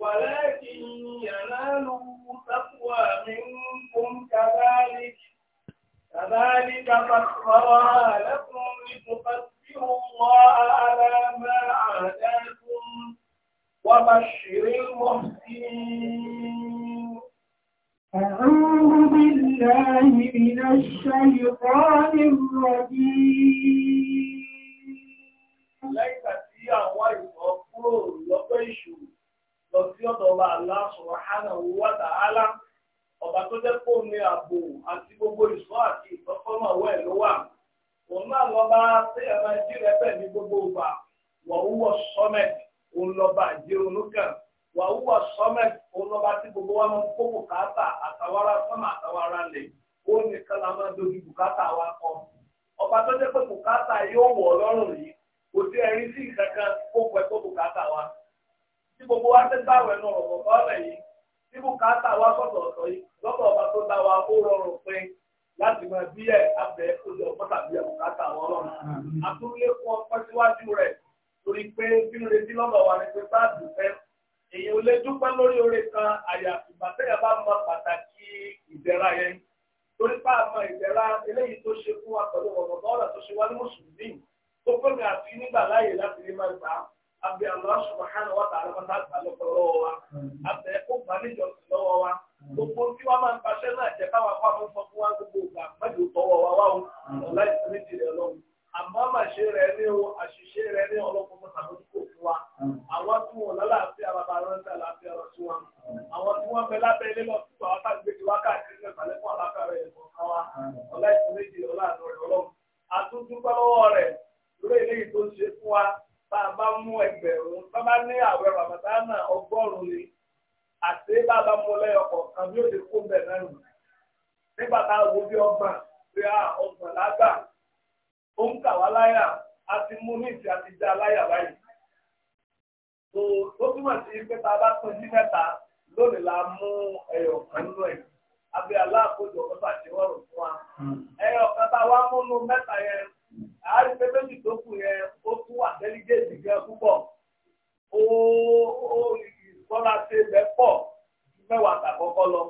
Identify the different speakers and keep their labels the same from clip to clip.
Speaker 1: ولكن يناله تقوى منكم كذلك كذلك فاخبرها لكم لتقدروا الله على ما عاداكم وبشر المحسنين أعوذ بالله من الشيطان الرجيم ليس فيها ويصفر لطيشه
Speaker 2: lọ sí ọ̀dọ̀ ọba Allah subhanahu wa ọba tó jẹ́ kó ní àti gbogbo ìṣọ́ àti ìtọ́sọ́nà ọwọ́ ẹ̀ ló wà òun náà lọ́ba gbogbo ìgbà sọ́mẹ̀t òun lọ́ba àjẹ́ sọ́mẹ̀t òun lọ́ba tí gbogbo wa máa ń kó bùkátà sọ́mà lè nìkan la máa dojú bùkátà wa ọba tó jẹ́ pé bùkátà yóò wọ̀ yìí kò sí sí ìkankan kó pẹ́ tó tí gbogbo wa ti dáwọ̀ ẹnu ọ̀rọ̀ kọ̀ọ̀kan ọ̀rẹ́ yìí tí bùkátà wa sọ̀tọ̀ ọ̀tọ̀ yìí lọ́tọ̀ ọba tó dá wa ó rọrùn pé láti máa bí ẹ̀ abẹ́ ojú ọ̀pọ̀ tàbí bùkátà wọn lọ́nà. àtúnlé fún ọpẹ́ síwájú rẹ̀ torí pé bí n retí lọ́dọ̀ wa ni pé bá dùnfẹ́ èyí ò lè dúpẹ́ lórí oore kan àyà ìgbàsẹ́yà bá mọ pàtàkì ìdẹ̀ra yẹn torí pé àmọ́ ìdẹ̀ra eléyìí abẹ Allah subhanahu wa ta'ala bá sáà lọ́pọ̀ lọ́wọ́ wa abẹ ó gbà níjọsìn lọ́wọ́ wa gbogbo tí wọ́n máa ń paṣẹ náà jẹ́ káwọn akọ́ àwọn sọ fún wa gbogbo ìgbà mẹ́jọ tọwọ́ wa wá o ọ̀la ìsinmi rẹ̀ lọ àmọ́ màṣẹ rẹ̀ ní o àṣìṣe rẹ̀ ní ọlọ́pọ̀ mọ́tàmọ́tò fún wa àwọn tí wọn lálàáfíà bàbá rántí àlàáfíà rẹ̀ sí wa àwọn tí wọ́n bẹ lábẹ́ ilé lọ sí àwọn àgbẹ̀ tí wọ́n káàkiri rẹ̀ fún àlàáfíà rẹ̀ kọ̀ọ̀kan wa ọ̀la ìsinmi rẹ̀ ọlọ́run àtúntúpẹ́ lọ́wọ́ rẹ̀ lórí eléyìí tó ń ṣe fún wa bá a bá mú ẹgbẹ̀rún bá bá ní àwẹ̀ ramadana ọgọ́rùn-ún ni àti bá a bá mú lẹ́yọkọ̀ kan bí ó ti kó bẹ̀ náà nù. nígbà tá a wo bí ọgbọ̀n pé a ọgbọ̀n lágbà ó ń kà wá láyà a ti mú ní ìsì àti dá láyà báyìí. tó tó túmọ̀ sí pé tá a bá pín sí mẹ́ta lónìí la mú ẹyọ̀kan nínú ẹ̀ abẹ́ aláàkójọ kọ́ta ṣe wọ́n rò fún wa hmm. ẹyọ̀kan tá a wá múnú mẹ́ta yẹn àárín pé méjì tó kù yẹn ó tún wà délígéètì gan púpọ̀ ó ó ìsọ́ra ṣe bẹ́ẹ̀ pọ̀ ju mẹ́wàá àtàkọ́kọ́ lọ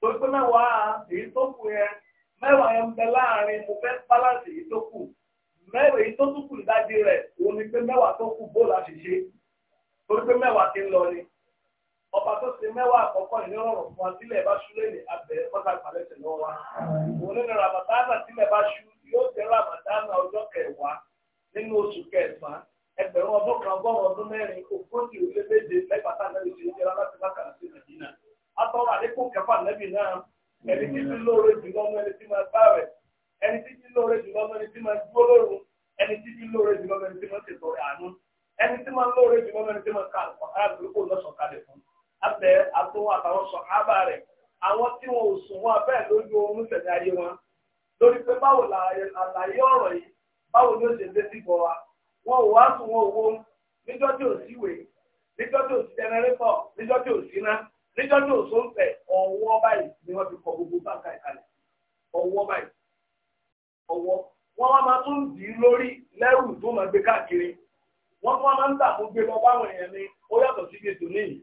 Speaker 2: torí pé mẹ́wàá èyí tó kù yẹn mẹ́wàá yẹn ń bẹ láàrin mo fẹ́ pálásì èyí tó kù mẹ́wàá èyí tó tún kù ìdajì rẹ̀ òun ni pé mẹ́wàá tó kù bóòlù àṣìṣe torí pé mẹ́wàá ti ń lọ ni ọba tó ṣe mẹ́wàá àkọ́kọ́ ìní ọ̀rọ̀ fún wa sílẹ̀ bá ṣú lẹ́yìn abẹ́ kọ́tà ìpàdé wa òun nínú ràbàtà yóò jẹ́ ramadana ọjọ́ kẹwàá nínú oṣù kẹsàn-án ẹgbẹ̀rún ọdún kan ọgọ́rùn ọdún mẹ́rin ogójì ó lé méje lẹ́gbàtà nẹ́bí jẹ́ láti bákàrà sí nàìjíríà atọ́wọ́ àdínkù kẹfà nẹ́bí náà ẹni tí ti lóore jùlọ ẹni tí máa bá rẹ̀ ẹni tí ti lóore jùlọ ẹni tí máa lóru ẹni tí ti lóore jùlọ ẹni tí máa àánú ẹni tí máa lóore jùlọ ẹni lórí pé báwo làlàyé ọ̀rọ̀ yìí báwo ni ó ṣe dé sí bọ̀wá wọn ò wá sùn wọn owó níjọ́ tí ò síwèé níjọ́ tí ò sí jẹnẹrétọ̀ níjọ́ tí ò síná níjọ́ tí ò sóńfẹ̀ ọ̀wọ́ báyìí ni wọ́n fi kọ gbogbo báńkà ìkàlẹ̀ ọ̀wọ́ báyìí ọ̀wọ́ wọ́n wá máa tún dì í lórí lẹ́rù tó máa gbé káàkiri wọ́n tún wá máa ń tà fún gbé lọ báwọn èèyàn ni ó yàtọ̀ sí ibi ètò níyì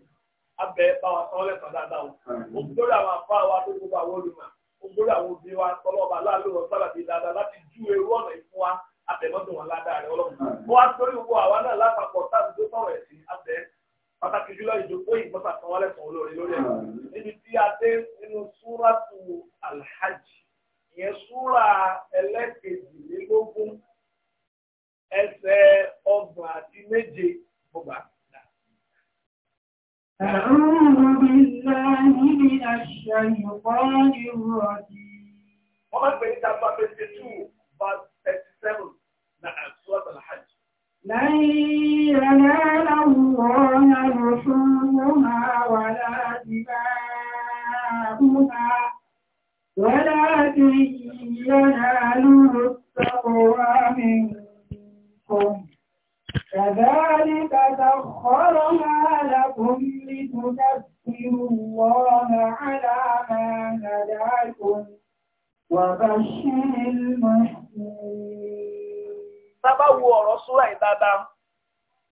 Speaker 2: abẹ́ báwa sanwó lẹ́sàn dáadáa o òkú lórí àwọn afá wa tó gbogbo àwọn olùmọ̀ olórí àwọn òbí wa tọ́lọ́ba láàlú rọ sábàbí dáadáa láti ju eru ọ̀nà ìfún wa àtẹ̀mọ́dún wọn ládàá rẹ ọlọ́run. mo wá sórí gbogbo àwa náà lápapọ̀ táàbù tó sọ̀rọ̀ ẹ̀sìn àtẹ pàtàkì jùlọ ìjókòó ìgbọ́sà kan wọlé sàn olórí lórí ẹ̀ níbi tí a dé nínú súrátù alhajj ìyẹn súrà ẹlẹ́kejìlélógún ẹsẹ̀ ọgbọ̀n àti méje gbọ̀gbà.
Speaker 1: أعوذ بالله من الشيطان الرجيم وما بين تابع 52 بعد 37
Speaker 2: نعم سورة الحج
Speaker 1: لن ينال الله لحومها ولا دماؤها ولكن يناله التقوى منكم كذلك سخرها لتكبروا الله على ما هداكم وبشر المحسنين Tábá
Speaker 2: wo ọ̀rọ̀ súrà yìí dáadáa,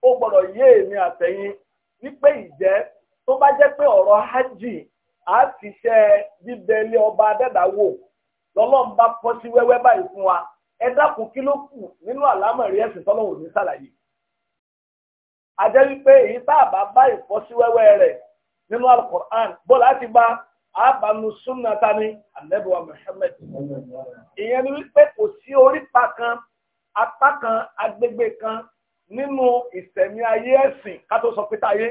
Speaker 2: ó gbọ́dọ̀ yé èmi àtẹ̀yìn wípé ìjẹ́ tó bá jẹ́ pé ọ̀rọ̀ hajj á ti ṣe bíbélé ọba adẹ́dàwò lọ́lọ́run bá pọ́ sí wẹ́wẹ́ báyìí fún wa. Ẹ dákun kí ló kù nínú àlámọ̀rí ẹ̀sìn tọ́lọ́wò ní sàlàyé ajẹ́ wípé èyí tá a bá bá ìfọ́síwẹ́wẹ́ rẹ̀ nínú alukur'an bọ́ọ̀lù láti bá àbámu súnà tani anabiwa Muhammad ìyẹn ni wípé kò sí orípa kan apá kan agbègbè kan nínú ìsẹ̀mí ayé ẹ̀sìn ká sọ pé táyé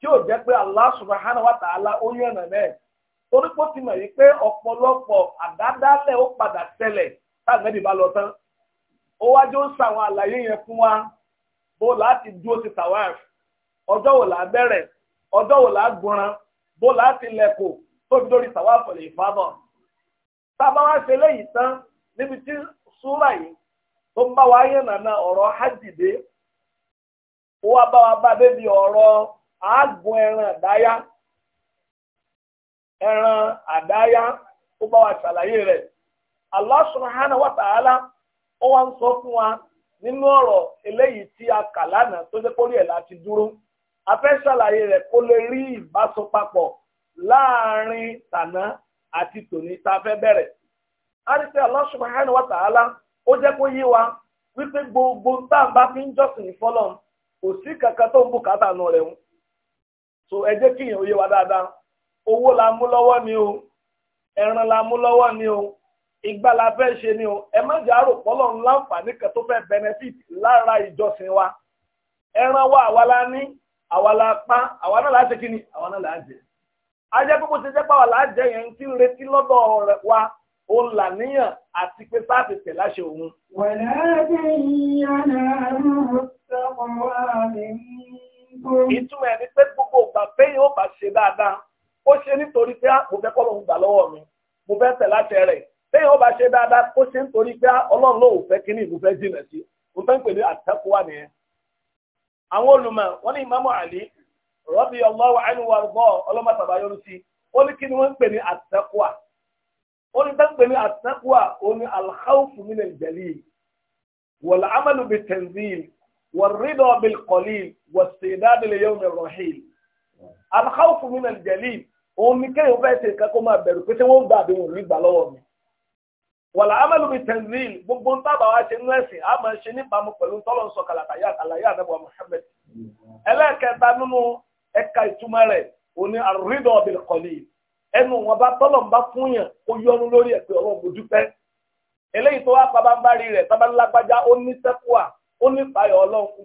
Speaker 2: tí ò jẹ́ pé Allah subhanahu wa ta'ala ó yànnà náà torí pé ó ti mọ̀ yìí pé ọ̀pọ̀lọpọ̀ àdádálẹ̀ ó padà ṣẹlẹ̀ táwọn ẹbí bá lọ tán ó wájú ń sàwọn àlàyé yẹn fún wa. bó láti dúró ti tàwáàf ọjọ́ bẹ̀rẹ̀ ọjọ́ bó láti lẹ́kọ̀ọ́ tó fi dórí tàwáàf lè fà bọ̀. tábà wá ṣe léyìí tán níbi tí súrà yìí tó ń bá wa yẹn nàna ọ̀rọ̀ hajj ó wá bá bá bá wa nínú ọ̀rọ̀ eléyìí tí a kà lánàá tó jẹ́ kórìí ẹ̀ láti dúró a fẹ́ ṣàlàyé rẹ̀ kó lè rí ìbásopapọ̀ láàrin tàná àti tòní tá a fẹ́ bẹ̀rẹ̀ a rí pé wa ta'ala ó wa wípé gbogbo tá fi ń jọ́sìn fọ́lọ́n kò sí kankan tó ń bùkátà nù rẹ̀ ń so ẹ jẹ́ kíyàn ó yé wa dáadáa owó la mú lọ́wọ́ ni o ẹran la mú lọ́wọ́ ni ìgbàlá fẹ́ ṣe ni o ẹ má jà rò pọ́lọ́ láǹfààní kan tó fẹ́ benefit lára ìjọsìn wa ẹran wa àwa la ní àwa la pa àwa náà la kí ni àwa náà la jẹ ajẹ́ pé ṣe jẹ́ pé àwa la jẹ yẹn ti ń retí lọ́dọ̀ wa òun là níyàn àti pé sáàtì tẹ̀ láṣẹ òun.
Speaker 1: wẹ̀lẹ́ bí yàrá rúbọ
Speaker 2: sọ́kọ̀ wá mi. ìtumọ̀ ẹni pé gbogbo ìgbà pé yóò bá ṣe dáadáa ó ṣe nítorí pé ah, mo fẹ́ kọ́ lóun gbà lọ́wọ́ mi mo fẹ́ tẹ̀ láṣẹ rẹ̀ bẹ́ẹ̀ ó bá ṣe dáadáa ó ṣe ń torí pé ọlọ́run ló fẹ́ kí ní ìlú fẹ́ jìnà sí mo fẹ́ ń pè ní àtẹ́kù wà nìyẹn. àwọn olùmọ̀ wọn ní Imam Ali rọ́bì ọlọ́wọ́ àìníwá bọ́ ọlọ́mọ sàbáyọ́rù sí ó ní kí ni wọ́n ń pè ní àtẹ́kù wà ó ní fẹ́ ń pè ní àtẹ́kù wà ó ní alhaufu min aljalil wal amalu bitanzil wal rida bil qalil was sidad li yawm ṣe nǹkan wàlà amalu bi tanzil gbogbo ń tábà wá ṣe nínú ẹ̀sìn a máa ṣe níbàámu pẹ̀lú tọ́lọ̀ ń sọ kàlàkàyà àlàyé àdàbọ̀ Muhammad ẹlẹ́ẹ̀kẹta nínú ẹ̀ka ìtumọ̀ rẹ̀ òní àrídọ̀ bil qalil ẹnu wọn bá tọ́lọ̀ ń bá fún yàn ó yọnu lórí ẹ̀ pé ọlọ́run mo dúpẹ́ eléyìí tó wá pabambari rẹ̀ tabalágbájá ó ní sẹ́kùà ó ní fàyọ̀ ọlọ́run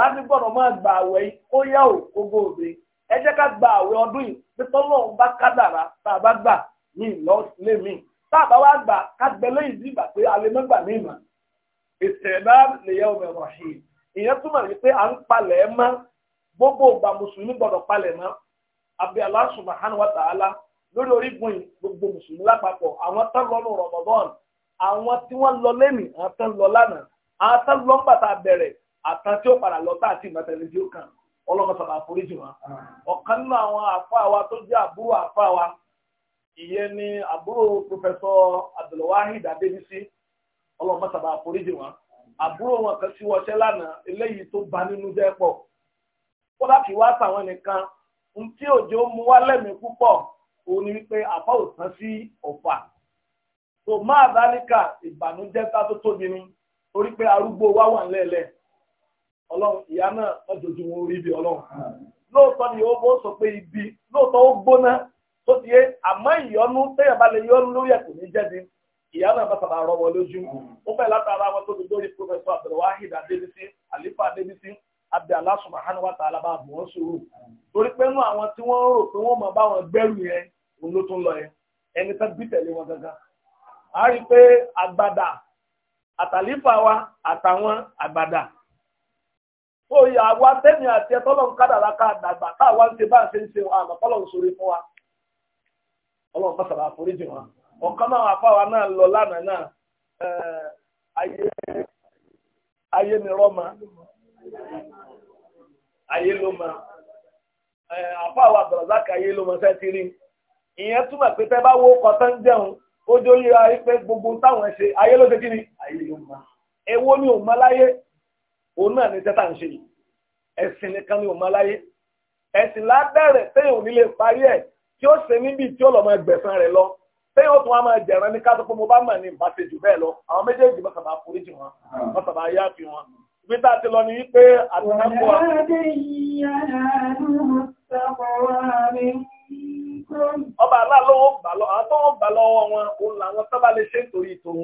Speaker 2: láti gbọ́dọ̀ máa gba àwẹ̀ yìí ó yá ò gbogbo òde ẹ jẹ́ ká gba àwẹ̀ ọdún yìí pé tọ́lọ́run bá kádàrá tá a bá gbà ní ìlọ sílé mi tá a bá wá gbà ká gbẹ lẹ́yìn sí ìgbà pé alẹ́ mẹ́gbà ní ìmọ̀ ìtẹ̀dá lèyẹ ọmọ ẹ̀rọ ṣe ìyẹn túmọ̀ sí pé à ń palẹ̀ mọ́ gbogbo ìgbà mùsùlùmí gbọ́dọ̀ palẹ̀ mọ́ àbí Allah subhanahu wa ta'ala lórí orígun yìí gbogbo mùsùlùmí lápapọ̀ àwọn tán lọ ní Ramadan àwọn tí wọ́n lọ lẹ́nìí àwọn tán lọ lánàá àwọn tán lọ ń bàtà bẹ̀rẹ̀ àtàn tí ó padà lọ tá àti ìmọ̀tẹ́lẹ̀ tí ó kàn ọlọ́kọ̀ sọ̀rọ̀ àforíjì wọn. ọ̀kan nínú àwọn àfáà wa tó jẹ́ àbúrò àfáà wa ìyẹn ni àbúrò pòfẹ́sọ̀ Abdulwahid Adébísí ọlọ́kọ̀ sọ̀rọ̀ àforíjì àbúrò wọn kan sí eléyìí tó ba nínú jẹ́ pọ̀ wá nìkan tí púpọ̀ ọlọ́run ìyá náà ọjọ́jú wọn orí bí ọlọ́run lóòótọ́ ni ó bó sọ pé ibi lóòótọ́ ó gbóná tó ti yé àmọ́ ìyọnu téèyàn bá lè yọnu lórí ẹ̀kọ́ ní jẹ́bi ìyá náà bá sábà rọwọ́ lójú ó fẹ́ látara wọn tó ti dórí pọfẹsọ abdulwahid adébísí alifa adébísí abdi Allah subhanahu wa ta'ala bá bọ̀ wọ́n sòrò torí pé nú àwọn tí wọ́n rò pé wọ́n máa bá wọn gbẹ́rù yẹn òun ló tún lọ yẹn ẹni tó bí tẹ̀lé wọn gangan a rí àtàlífà wa àtàwọn àgbàdà Oyi, àwa tẹ́mi àti ẹtọ́lọ́n kádàrá ká dàgbà ń ṣe bá ń ṣe ń sórí fún wa ọlọ́run bá sàrà àforíjì wọn ọ̀kan náà àfáwa náà lọ lánàá náà eh, ayé ayé ni rọ́mà ayé ló ma eh, àfáwa àbọ̀rọ̀sáàkì ayé ló ma ṣe ti rí ìyẹn túmọ̀ pé tẹ́ bá wo jẹun yíra pé gbogbo táwọn òun náà ní tẹ́tà ń ṣe yìí ẹ̀sìn nìkan ni òun aláyé ẹ̀sìn lábẹ́rẹ̀ téèyàn ò lè parí ẹ̀ tí ó ṣe níbi tí ó lọ́ máa gbẹ̀san rẹ̀ lọ téèyàn ó tún máa jẹ̀rán ní kátó pé mo bá mọ̀ ní ìbá jù bẹ́ẹ̀ lọ àwọn méjèèjì mọ̀ sábà foríjì wọn mọ̀ sábà yá fi wọn ibi tá a ti lọ ni wípé àtúntàkùn wa. ọba aláàlọ́wọ́ gbà lọ́wọ́ wọn òun làwọn sábà lè ṣe nítorí ìtòun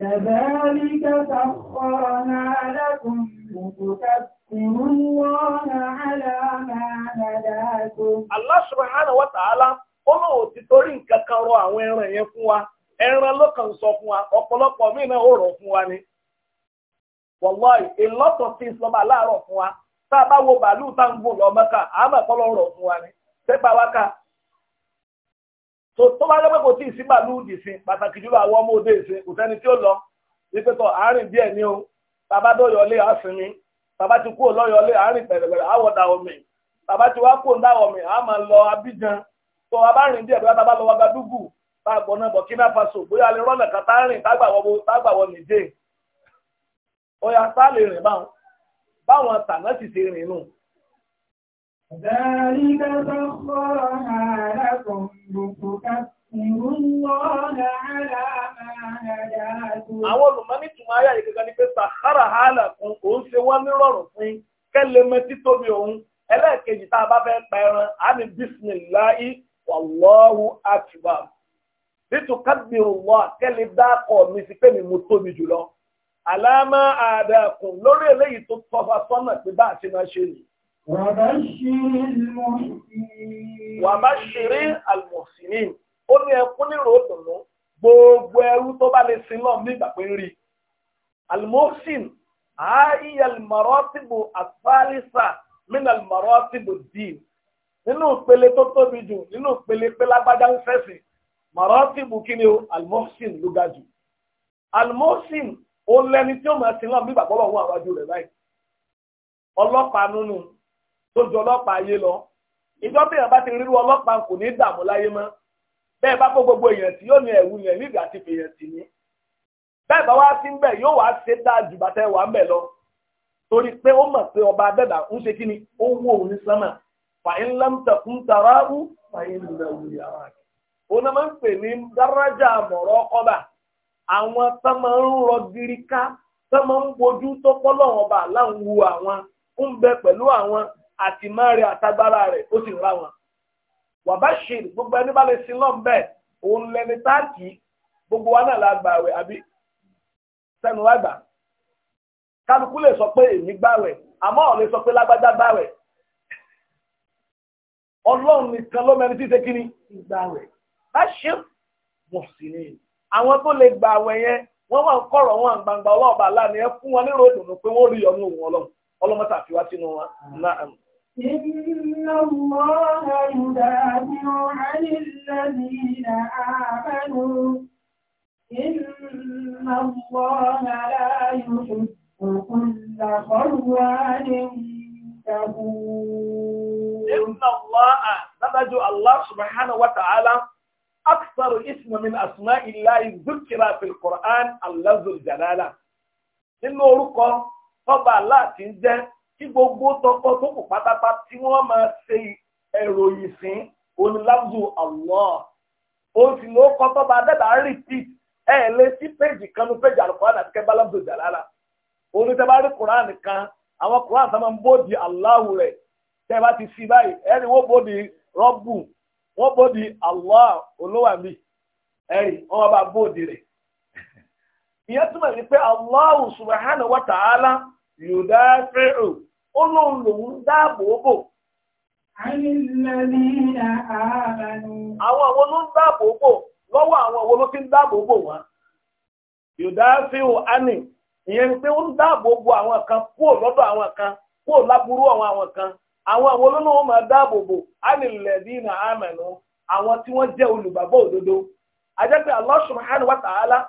Speaker 1: كذلك سخرنا لكم لتكفروا الله على ما هداكم الله سبحانه وتعالى ọmọ òtítorí nǹkan kan rọ àwọn ẹran yẹn
Speaker 2: fún wa ẹran ló kàn sọ fún wa ọ̀pọ̀lọpọ̀ míì náà ó fún wa ni wàláì a lot of things lọ́ba fún wa tá a bá wo bàálù tá ń fún wa ni tó bá lọ́pẹ́ kò tí ì sí bàlúù dìsìn pàtàkì jùlọ àwọn ọmọ òde ìsìn kò sẹ́ni tí ó lọ wípé tọ àárín díẹ̀ ni o bàbá dọ̀yọ̀lé àsìnmi bàbá ti kúrò lọ́yọ̀lé àárín pẹ̀rẹ̀pẹ̀rẹ̀ àwọ̀dà omi bàbá ti wá kúrò ńdá omi a máa lọ a tọ abárin díẹ̀ bóyá bàbá lọ Wagadugu bá a gbọ́n náà Burkina Faso bóyá alẹ́ rọ́lẹ̀ kàtá rìn tágbàwọ̀ nìjẹ́ ọ̀yà sálẹ̀ rìn báwọn báwọn tàná sì ti rìn nù
Speaker 1: ذلك سخرها لكم لتكبروا الله على ما هداكم àwọn olùmọ̀ ní tùmọ̀ ayé àyíkẹ́kẹ́ ni pé sàkárà
Speaker 2: hálà kan kò ń ṣe wọ́n ní rọrùn fún kẹ́lẹ́ mọ títóbi òun ẹlẹ́ẹ̀kejì tá a bá fẹ́ pa ẹran á ní bísímìláì wàlọ́hu àtùbà nítorí wọ́n akẹ́lẹ́ dákọ̀ mi sí pé mi mo tóbi jùlọ àlámà àdàkùn lórí eléyìí tó tọ́fà sọ́nà pé bá a ṣe máa ṣe nìyí wàbáṣírí àlùmọ̀síní ó ní ẹkún nírò òdùnnú gbogbo ẹrú tó bá lè sin náà nígbà pé ń rí àlùmọ̀sín ààyè àlùmọ̀rọ́tìbù àfáàlìsà mínà àlùmọ̀rọ́tìbù dín nínú ìpele tó tóbi jù nínú ìpele pé lágbájá ń fẹ̀sìn mọ̀rọ́tìbù kí ni o àlùmọ̀sín ló ga jù àlùmọ̀sín ó lẹni tí ó máa sin náà nígbà pọ́lọ̀ wọn àwájú rẹ̀ báyìí ọlọ́pàá nínú tó ju ọlọ́pàá ayé lọ ìjọ bẹ́ẹ̀ bá ti rírú ọlọ́pàá kò ní dààmú láyé mọ́ bẹ́ẹ̀ bá kó gbogbo èèyàn tí yóò ní ẹ̀wù yẹn nígbà tí fèèyàn tì ní bẹ́ẹ̀ bá wá sí ń bẹ̀ yóò wá ṣe dáa jù bàtà ẹ̀wà ń bẹ̀ lọ torí pé ó mọ̀ pé ọba abẹ́bà ń ṣe kí ni ó wó òun ní sánmà fàyín lámtà ń tara ú fàyín lùdàwù yàrá rẹ̀ ó náà máa ń pè ní dáràjà àmọ̀rọ̀ ọba àwọn tó máa ń rọ gírí ká tó máa ń bojú tó pọ́ lọ́wọ́ ọba láwùú àwọn ń bẹ pẹ̀lú àwọn àtìmọ́ rẹ̀ àtagbára rẹ̀ ó sì rà wọn. wàbáṣìrì gbogbo ẹni bá lè sin lọ́n bẹ́ẹ̀ òun lẹni táàkì gbogbo wa náà la gbà wẹ̀ àbí sẹ́nu wa gbà. kálukú lè sọ pé èmi gbà wẹ̀ àmọ́ ò lè sọ pé lágbájá gbà wẹ̀. ọlọ́run nìkan ló mẹni tí kí ni ìgbà wẹ̀. báṣìrì mọ̀ sí ni àwọn tó lè gbà wẹ̀ yẹn wọ́n wà ń kọ̀rọ̀ wọn gbangba ọlọ́ọ̀bà láàrin ẹ fún wọn ní ròdùnú pé wọ́n rí ọmọ òun ọlọ́run ọlọ́mọ tàfi sínú wọn náà.
Speaker 1: إِنَّ اللَّهَ يدافع عَنِ الَّذِينَ آمَنُوا إِنَّ اللَّهَ لَا يحب كل خوان كفور إن
Speaker 2: الله نبج الله سبحانه وتعالى أكثر اسم من أسماء الله ذكر في القرآن اللفظ الجلالة إنه رقم طبعا لا تنزل tí gbogbo tọkọ tó kù pátápá tí wọ́n máa ṣe ẹ̀ròyìn sín oníláàbù Allah oṣù ló kọ́ tó bá dẹ́gbà repeat ẹ̀ lé sí péjì kan ní péjì àlùkòrán àti kẹ́bí alábùdó jàlálà onítẹ̀bárí kòrán nìkan àwọn kòrán sábà ń bòdì Allahu rẹ̀ tẹ́ ti fi báyìí ẹni wọ́n bòdì rọ́bù wọ́n bòdì Allah olówà mi wọ́n bá bòdì rẹ̀ ìyẹn túmọ̀ sí pé Allahu subhanahu wa yòdá fẹ́rù ó lóun lòun dáàbò àwọn àwọn ló ń lọ́wọ́ àwọn àwọn ló ti ń dáàbò wá. ni pé ó ń dáàbò àwọn kan kúrò lọ́dọ̀ àwọn kan kúrò láburú àwọn àwọn kan àwọn àwọn olóńgbò máa dáàbò bò alìlẹ̀dínà àmẹ̀nù àwọn tí wọ́n jẹ́ olùgbàgbọ́ òdodo. ajẹ́pẹ́ Allah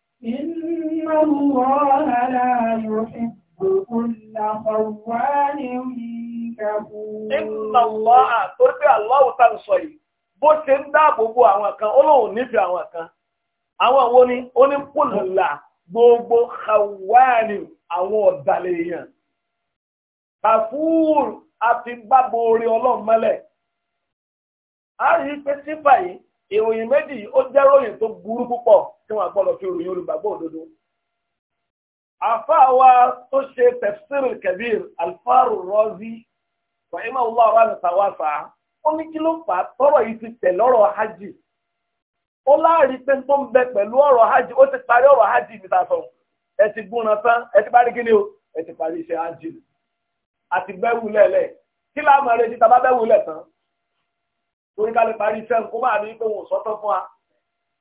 Speaker 1: إن الله لا يحب كل خوان كفور إن الله
Speaker 2: torí الله sọ yìí bó ṣe ń dáàbò bo àwọn kan olóhùn nífẹ̀ẹ́ àwọn kan àwọn wo ni ó ní pòlùlà gbogbo hawaani àwọn ọ̀dàlẹ̀ èèyàn kàfúùr àti bábo orí ọlọ́run a rí pé sífà yìí ìròyìn méjì ó jẹ́ ròyìn tó burú púpọ̀ tí wọ́n gbọ́dọ̀ fi ròyìn olùgbàgbọ́ òdodo. àfáà wa tó ṣe tafsir kabir alfaru razi rahima allah rahma tawafa ó ní kí ló fà á tọ́rọ̀ yìí ti tẹ̀ lọ́rọ̀ hajj ó láàrin pé tó ń bẹ pẹ̀lú ọ̀rọ̀ hajj ó ti parí ọ̀rọ̀ hajj níta sọ ẹ ti gúnra tán ẹ ti parí kí o ẹ ti parí iṣẹ́ hajj àti bẹ́wù lẹ́lẹ̀ kí láàmú torí ká lè parí iṣẹ́ kó máa rí pé wọn ò sọ́tọ́ fún wa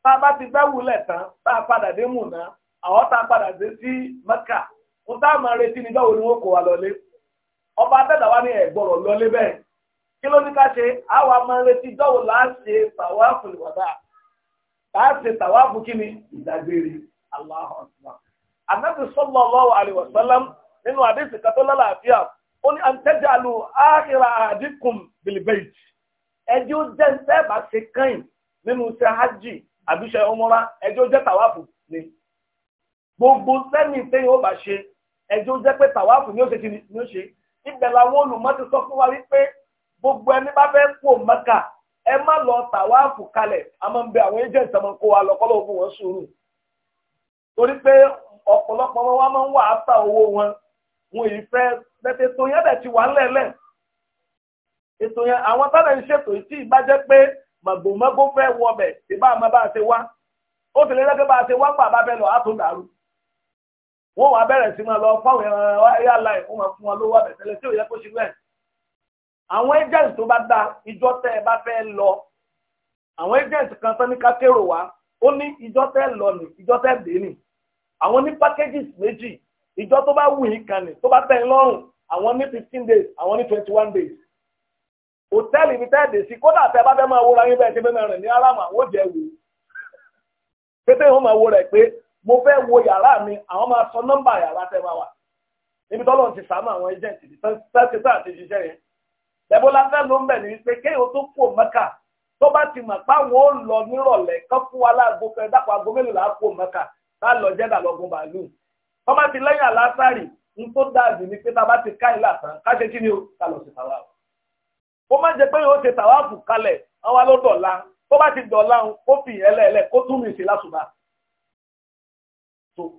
Speaker 2: bá a bá ti gbẹ́ wulẹ̀ tán bá a padà dé mùnà àwọn tá a padà dé sí mẹ́kà kó tá a máa retí nígbà wo ni wọ́n kó wa lọlé ọba tẹ́tà wa ní ẹ̀gbọ́rọ̀ lọlé bẹ́ẹ̀ kí ló ní ká ṣe àwa máa retí dọ́wọ́ láṣẹ tàwáàfù ìwàdà láṣẹ tàwáàfù kí ni ìdágbére Allahu Akbar anabi sallallahu alaihi wasallam nínú àdéhùn kátó lálàáfíà ó ní àǹtẹ́jà lu áàkìrà eji o je nse bá ṣe kẹ́yìn nínú iṣẹ́ hajj àbí ọmọra ẹjẹ́ ó jẹ́ ni gbogbo semi tẹ́yìn ó bá ṣe ẹjẹ́ ó pé ni ó ṣe ni ó ṣe ibẹ̀ làwọn ti sọ fún gbogbo ẹni bá fẹ́ kó mẹ́kà ẹ má lọ tàwáàfù a máa ń bẹ àwọn agents ọmọ kó wa lọ kọ́lọ́ wọn sùúrù torí pé wọn máa ń wà á ta owó wọn wọn ì ètò yẹn àwọn tọ́lẹ̀ ń ṣètò tí ì bá jẹ́ pé màgbòmágbó fẹ́ wọbẹ̀ tí bá àmọ́ bá ṣe wá ó sì lè lẹ́gbẹ́ bá ṣe wá pà bá bẹ́ẹ̀ lọ á tó dàrú wọ́n wá bẹ̀rẹ̀ sí máa lọ fáwọn ẹ̀yà láì fún wọn fún wọn lówó àbẹ̀ tẹ́lẹ̀ tí ò yẹ kó ṣe bẹ́ẹ̀ àwọn agent tó bá da ìjọ tẹ́ ẹ bá fẹ́ lọ àwọn agent kan tán ní kákérò wá ó ní ìjọ tẹ́ lọ ní ìjọ tẹ́ dé ní àwọn ní packages méjì ìjọ tó bá wù yín kan ní tó bá tẹ́ ń lọ́rùn àwọn ní fifteen days àwọn ní twenty one days hòtẹ́ẹ̀lì mi tẹ́ẹ̀dì sí kódà tẹ́ bá fẹ́ máa ra yín bẹ́ẹ̀ ṣe fẹ́ máa rìn ní alámà wọ́n jẹ́ pété wọn máa wo rẹ̀ pé mo fẹ́ wo yàrá mi àwọn máa sọ nọ́mbà yàrá tẹ́ bá wà níbi tọ́lọ́ ti sàmú àwọn ẹjẹ̀ǹtì tẹ́tẹ́tẹ́ àti ṣiṣẹ́ yẹn ẹ̀bọ́lá fẹ́ ló ń bẹ̀ ní tó kó ti lọ nírọ̀lẹ́ kán fún wa láago fẹ́ dápọ̀ aago mélòó là á kó mẹ́kà tá a lọ bàálù bá ti lẹ́yìn àlásàrì ń o ká lọ sí o. ó má jẹ pé yóò ṣe tàwáàfù kalẹ̀ àwa ló dọ̀la tó bá ti dọ̀la ó fi ìyẹn lẹ́ẹ̀lẹ́ kó tún mi sí lásùbà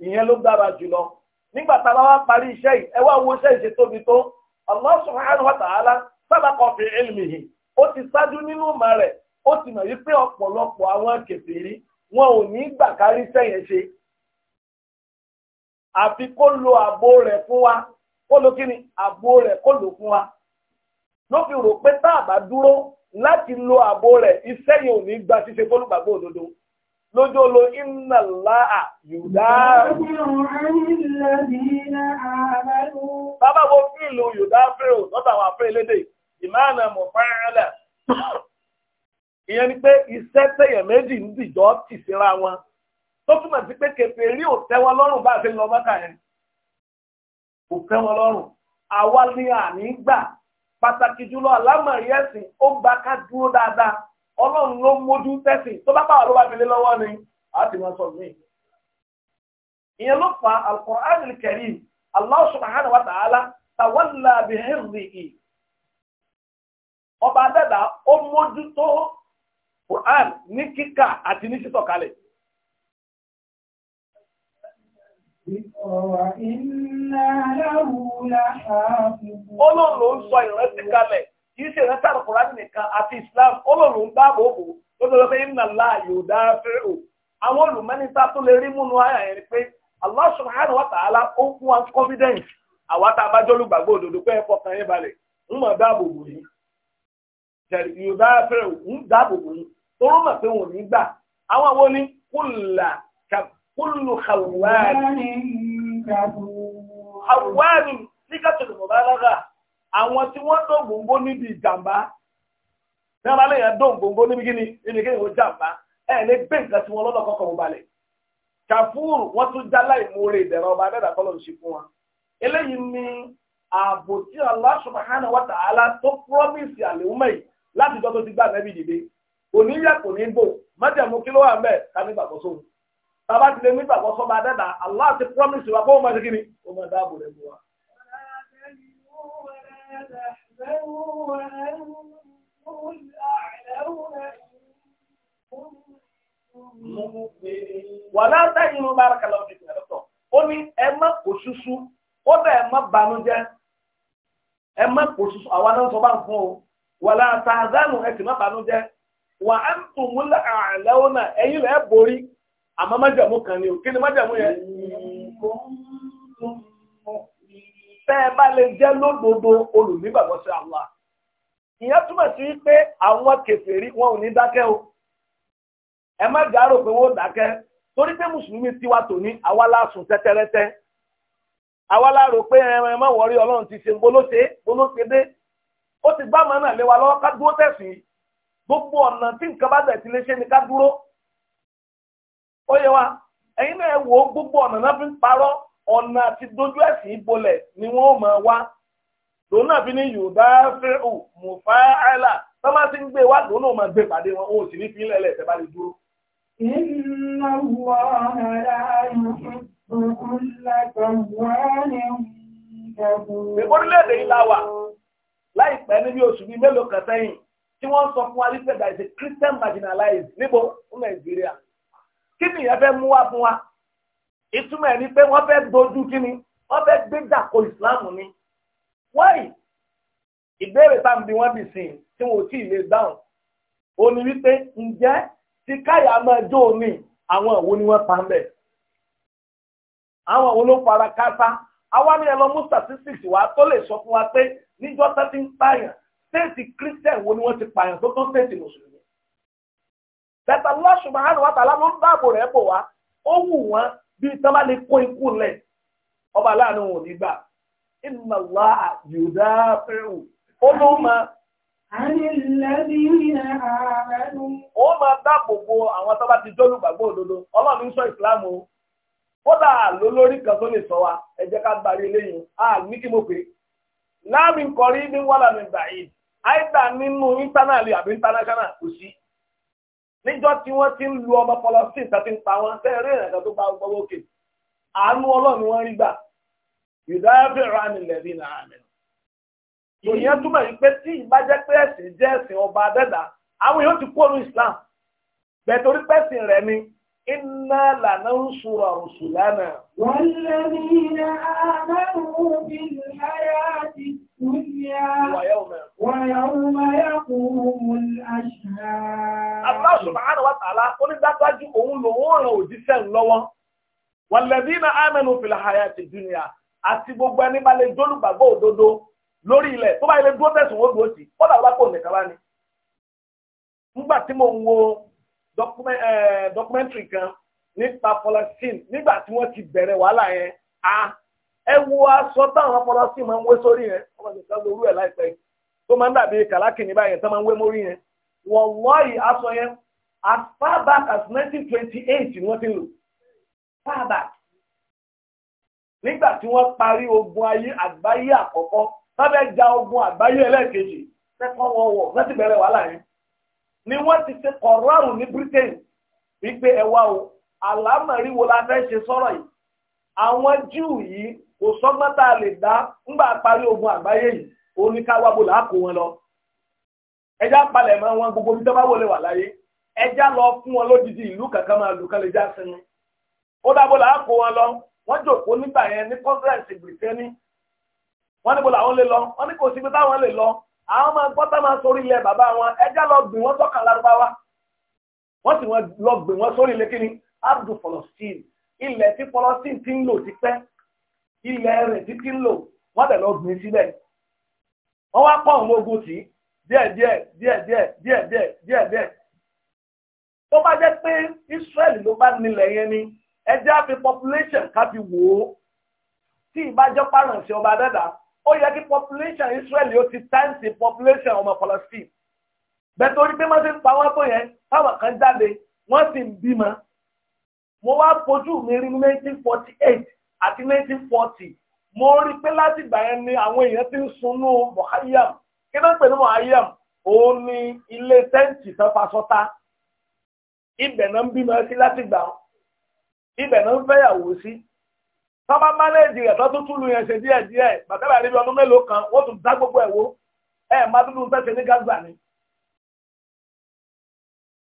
Speaker 2: ìyẹn ló dára jùlọ nígbà tá a bá wá parí iṣẹ́ yìí ẹ wá wo iṣẹ́ ìṣe tóbi tó Allah subhanahu wa ta'ala sabaqa fi ilmihi ó ti ṣáájú nínú ìmọ̀ rẹ̀ ó ti mọ̀ wípé ọ̀pọ̀lọpọ̀ àwọn kèfèrí wọn ò ní gbà kárí sẹ́yìn ṣe àfi kó lo àbò rẹ̀ fún wa kó lo kí ni àbò rẹ̀ kó lò fún wa ló fi rò pé tá a bá dúró láti lo ààbò rẹ̀ iṣẹ́ yìí ò ní gba ṣíṣe fólùgbàgbọ́ òdodo lójó lo iná láà yùdá. bàbá wo fíìlù yùdá fèrò lọ́dà wà fún elédè ìmáàna mọ̀fáàlà. ìyẹn ni pé iṣẹ́ tẹ̀yẹ̀ méjì ń dìjọ́ tì síra wọn tó túmọ̀ sí pé kèfèrí ò tẹ́ lọ́rùn bá a ṣe ń lọ mọ́kà yẹn kò tẹ́ lọ́rùn àwa ni àní gbà pàtàkì jùlọ àlámọ̀rí ẹ̀sìn ó gba ká dúró dáadáa ọlọ́run ló mójú tẹ̀sìn tó bá báwa ló bá fi lọ́wọ́ ni a ti máa sọ mí. ìyẹn ló fa al-Qur'an al-Karim Allah subhanahu wa ta'ala tawalla bihirzihi ọba adẹ́dà ó mójútó Qur'an ní kíkà àti ní sítọ̀kalẹ̀.
Speaker 1: Ọlọ́run
Speaker 2: ló ń sọ ìrántí kalẹ̀, kìí ṣe ìrántí àlùkùránì nìkan àti Islam, ọlọ́run ń dáàbò bò ó lọ́dọ̀ pé inna Allah yudafi'u o. Àwọn olùmẹ́nita tó lè rí múnú ayà yẹn pé Allah subhanahu wa ta'ala ó fún wa confidence àwa tá a bá jọ́ olùgbàgbọ́ òdodo pé ẹ̀fọ́ kan yẹn balẹ̀ ń mọ̀ dáàbò bò yín. Yudafi'u ń dáàbò bò yín. Toró mọ̀ pé wọn ní gbà. Àwọn àwọn oní kùlà kúlù hawani
Speaker 1: hawani
Speaker 2: ní kàtòlù mọ̀bálára àwọn tí wọ́n dùn gbòǹgbò níbi ìjàmbá ní abalẹ̀ yẹn dùn gbòǹgbò níbi kíni níbi kíni ó jàmbá ẹ̀ lè gbé nǹkan tí wọ́n lọ́dọ̀ kọ́kọ́ wọn balẹ̀ kàfúrù wọ́n tún já láì múre ìdẹ̀rẹ̀ ọba abẹ́dà kọ́lọ̀ ṣe fún wọn eléyìí ni ààbò tí Allah subhanahu wa ta'ala tó promise àlèhùnmẹ́ yìí láti jọ́ tó ti gbà nẹ́bí dìde òní yà kò ní bò májàmú kí ló wà ń bẹ̀ ká nígbàgbọ́ sóhun bàbá ti lè mú ìgbàgbọ́ sọ́ba dẹ́dà Allah ti promise wa kó o máa ṣe kíni o máa dáàbò rẹ̀ bù wa. wàlá sẹ́yìn ló bára kàlọ́ ní ìpínlẹ̀ lọ́tọ̀ ó ní ẹ má kó ṣuṣu ó bẹ̀ má banújẹ́ ẹ má kó ṣuṣu àwa náà sọ ń fún o wàlá tàzánù ẹ má banújẹ́ wà á tún múlẹ̀ àlẹ́ òun náà ẹ̀yin borí. àmọ́ májàmú kan ni o kí ni májàmú yẹn. tẹ́ ẹ bá lè jẹ́ lódodo olùnígbàgbọ́ sí Allah ìyẹn túmọ̀ sí pé àwọn kèfèrí wọn ò ní dákẹ́ o ẹ má dárò pé wọn ò dákẹ́ torí pé mùsùlùmí tiwa tòní àwa la sùn tẹ́tẹ́rẹ́tẹ́ àwa la rò pé ẹ má wọrí ọlọ́run ti ṣe gbolóṣe gbolóṣe dé ó ti gbá màánà lé wa lọ́wọ́ ká dúró tẹ̀sí gbogbo ọ̀nà tí nǹkan bá bẹ̀ ti lè ni ká dúró ó yẹ wa ẹ̀yin náà wò ó gbogbo ọ̀nà náà fi ń parọ́ ọ̀nà àti dojú ẹ̀sìn ìbolẹ̀ ni wọ́n máa wá lòun náà fi ní yorùbá fẹ́rù mùfá àìlà tó máa ti ń gbé wá lòun náà máa gbé pàdé wọn òun sì ní fílẹ̀ lẹ̀ tẹ́ bá lè dúró.
Speaker 1: Inna Allaha la yuhibbu kulla kawwanin
Speaker 2: kafur. Orílẹ̀-èdè yìí la wà láìpẹ́ níbi oṣù bíi mélòó kan sẹ́yìn tí wọ́n sọ fún wa wípé there is a Christian marginalized níbo ní Nàìjíríà. kí ni ìyẹn fẹ́ mú wá fún wa ìtumọ̀ ẹ̀ ni pé wọ́n fẹ́ dojú kí ni wọ́n fẹ́ gbéjà ko ìsìláàmù ni wáyì ìbéèrè tá à ń bi wọ́n bì sí tí wọn ò tí ì lè dáhùn ó ní wípé ǹjẹ́ ti káyà máa jó omi àwọn òwò ni wọ́n pa ń bẹ̀ àwọn òwò ló fara kásá àwa ni ẹ lọ mú statistics wá tó lè sọ fún wa pé níjọ́ tá ti ń pààyàn stéètì christian wo ni wọ́n ti pààyàn tó tó stéètì mùsùlùmí bẹ́ẹ̀ Allah subhanahu wa ta'ala ló ń dáàbò rẹ̀ bò wá ó wù wọn bí tán bá lè kó ikú lẹ ọba láàánú wọn ní gbà inna Allaha yudafi'u ó ló ma ó máa dáàbò bo àwọn tó bá ti òdodo ọlọ́run ń sọ o kódà lólórí kan tó lè sọ wa ẹ jẹ́ ká eléyìí a ní kí mo pè é láàmì kọrí ní wàlámì bàyìí àìdá nínú íńtánálì àbí íńtánáṣánà kò sí. níjọ́ tí wọ́n ti ń lu ọmọ Palestine tó ti ń pa wọn sẹ́ẹ̀rẹ́ ìrìnàjò tó bá gbọ́ wókè àánú ọlọ́run wọn rí gbà ìdáyàfẹ́ ránilẹ̀ bí nà ámìn. ìyẹn túmọ̀ yìí pé tí ìbá jẹ́ pé ẹ̀sìn jẹ́ ẹ̀sìn ọba adẹ́dà àwọn èèyàn ti kú ọ̀run Islam bẹ́ẹ̀ torí pẹ́sìn rẹ̀ ni iná lànà ń sùrọ̀ rùsùlánà.
Speaker 1: wọ́n lè ní ilẹ̀ الدنيا ويوم يقوم الأشهاد
Speaker 2: الله سبحانه وتعالى ó ní dájú òun lòun ràn òjíṣẹ́ lọ́wọ́ والذين آمنوا في الحياة الدنيا àti gbogbo ẹni bá lè jólùgbàgbọ́ òdodo lórí ilẹ̀ tó bá ilé dúró tẹ̀sùn ó dúró tì kódà wá kò nìkan wá ni. nígbà tí mo ń wo dọkumẹ́ntìrì kan nípa Palestine nígbà tí wọ́n ti bẹ̀rẹ̀ wàhálà yẹn a ẹ wo aṣọ táwọn ọpọlọ sí máa ń wé sórí yẹn ọmọ nìkan lóru ẹ̀ láìpẹ́ tó máa ń dàbí kàlákìnní báyẹn tó máa ń wé mórí yẹn wọ́n lọ́ọ̀yì aṣọ yẹn as far back as 1928 ni wọ́n ti lò far back nígbà tí wọ́n parí ogun ayé àgbáyé àkọ́kọ́ lábẹ́ ja ogun àgbáyé ẹlẹ́ẹ̀kejì second world war láti bẹ̀rẹ̀ wàhálà yẹn ni wọ́n ti ṣe kọ̀ọ̀rọ̀rùn ní Britain wípé ẹ wá o àlámọ̀rí wo la fẹ́ ṣe sọ́rọ̀ yìí àwọn Júù yìí kò sọ́gbọ́n tá a lè dá ńgbà parí ogun àgbáyé yìí òun ní ká wá bò láàkó wọn lọ ẹja palẹ̀ mọ́ wọn gbogbo bí tọ́ba wọlé wà láyé ẹja lọ fún wọn ìlú kankan máa lù kálẹ̀ já sínú ó dábò wọn lọ wọ́n jòkó nígbà yẹn ní wọ́n lọ wọ́n ní kò táwọn lọ àwọn máa gbọ́ táwọn sórí ilẹ̀ bàbá wọn lọ gbìn wọ́n sọ́kàn lárúbáwá lọ gbìn wọ́n sórí ilẹ̀ Abdul ilẹ̀ tí ti ń lò ti pẹ́ ilẹ̀ rẹ̀ títí ń lò wọ́n tẹ̀ lọ gbìn síbẹ̀ wọ́n wá pọ̀ ọ̀hún ogun tì í díẹ̀ díẹ̀ díẹ̀ díẹ̀ díẹ̀ díẹ̀ díẹ̀ díẹ̀ tó bá jẹ́ pé Israẹli ló bá nílẹ̀ yẹn ni ẹ àfi population ká fi wò ó tí ìbájọ́ pàrọ̀ǹsì ọba dẹ́dà ó yẹ kí population Israẹli ó ti times population ọmọ Palestine bẹ́ẹ̀ torí pé wọ́n ti ń pa wọ́n tó yẹn táwọn kan jáde wọ́n sì ń bímọ mo wá fojú mi rí nineteen forty eight àti 1940 mo rí pé láti ìgbà yẹn ni àwọn èèyàn ti ń sunú mohayam kí ló ń pè ní mohayam òun ni ilé tẹ́ǹtì sanfasọ́ta ibẹ̀ náà ń bímọ sí láti ìgbà ibẹ̀ náà ń fẹ́yàwó sí tọ́ba mánéèjì rẹ̀ tó tún túlù yẹn ṣe díẹ̀díẹ̀ bàtẹ́bà níbi ọdún mélòó kan wọ́n tún dá gbogbo ẹ̀ wó ẹ̀ má dúdú ń fẹ́ ṣe ní Gaza ni.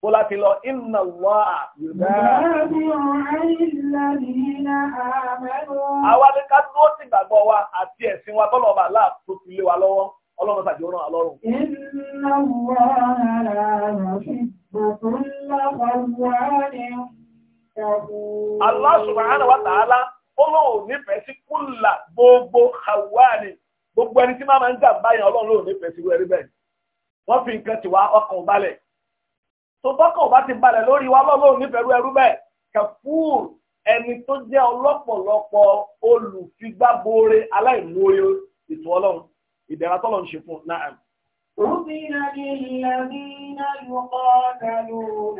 Speaker 2: Mo láti lọ, Inna Allah yùdáàbí Àwa ní ká tó ti gbàgbọ́ wa àti ẹ̀sìn wa tọ́lọ̀ ọba aláà tó ti lé wa lọ́wọ́, ọlọ́run tàbí ọ̀ràn àlọ́run.
Speaker 1: Inna Allah rà fi gbogbo ńlá wà ní
Speaker 2: Allah subhanahu wa ta'ala, ọlọ́run nífẹ̀ẹ́ sí kúlà gbogbo Hawani, gbogbo ẹni tí máa ń jà báyìí ọlọ́run ló nífẹ̀ẹ́ sí wẹ́rí bẹ́ẹ̀. Wọ́n fi nǹkan tiwa ọkàn balẹ̀ tó tọ́kọ̀ bá ti balẹ̀ lórí wa lọ́wọ́ nífẹ̀ẹ́rú ẹrú bẹ́ẹ̀ kẹfúùr ẹni tó jẹ́ ọlọ́pọ̀lọpọ̀ olùfigbábóore aláìmóye ètò ọlọ́run ìdẹ̀ra tọ́lọ̀ ṣe fún náà.
Speaker 1: رُضِيَ لِلَّذِينَ يُقَاتَلُونَ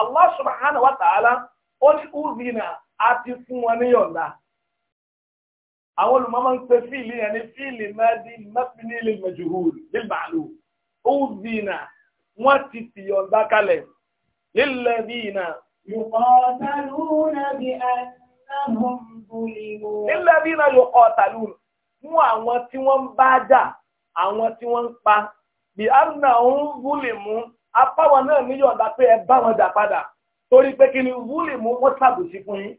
Speaker 1: Allah
Speaker 2: subhanahu wa ta'ala ó ní uzina a ti fún wọn ní yọ̀ǹda àwọn olùmọ́mọ́ ń pe fíìlì yẹn ní fíìlì mẹ́dí mẹ́fìlì lil majhul lil ma'lum uzina wọ́n ti ti yọ̀ǹda kalẹ̀ lilladhina.
Speaker 1: yuqataluna bi annahum zulimu.
Speaker 2: lilladhina yuqataluna fún àwọn tí wọ́n ń bá jà àwọn tí wọ́n ń pa bí annahum zulimu apáwọn náà ní pé ẹ bá wọn jà padà. torí pé kí ni wú mú wọ́n sàbòsí fún yín.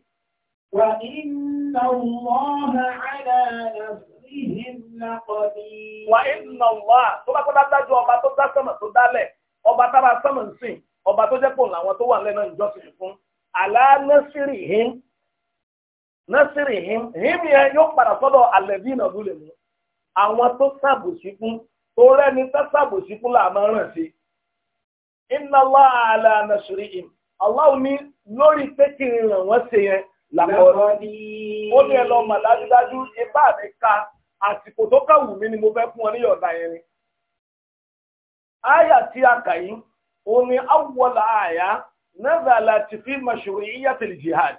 Speaker 1: wà iná wọ́n àdáyà wà iná wọ́n tó bá
Speaker 2: kọ́dá dájú ọba tó dá sọ́mọ̀ tó dálẹ̀ ọba tábà sọ́mọ̀ ọba tó jẹ́ pòun làwọn tó wà lẹ́nu ìjọsìn fún àlá násìrì him násìrì him yẹn yóò padà sọ́dọ̀ àlẹ́bí náà wú lè mú àwọn tó sàbòsí fún tó rẹ́ni tó sàbòsí fún sí. iná násìrì him. Allah ní lórí pé kí n ràn wọ́n ṣe yẹn làkọ́rọ́ ó ní ẹ lọ mà dájúdájú ipá mi ka àsìkò tó kàwù mí ni mo fẹ́ fún ọ ní yọ̀ọ̀dà yẹn ni. Àyà tí a kà yín, òun ni àyà fi jihad.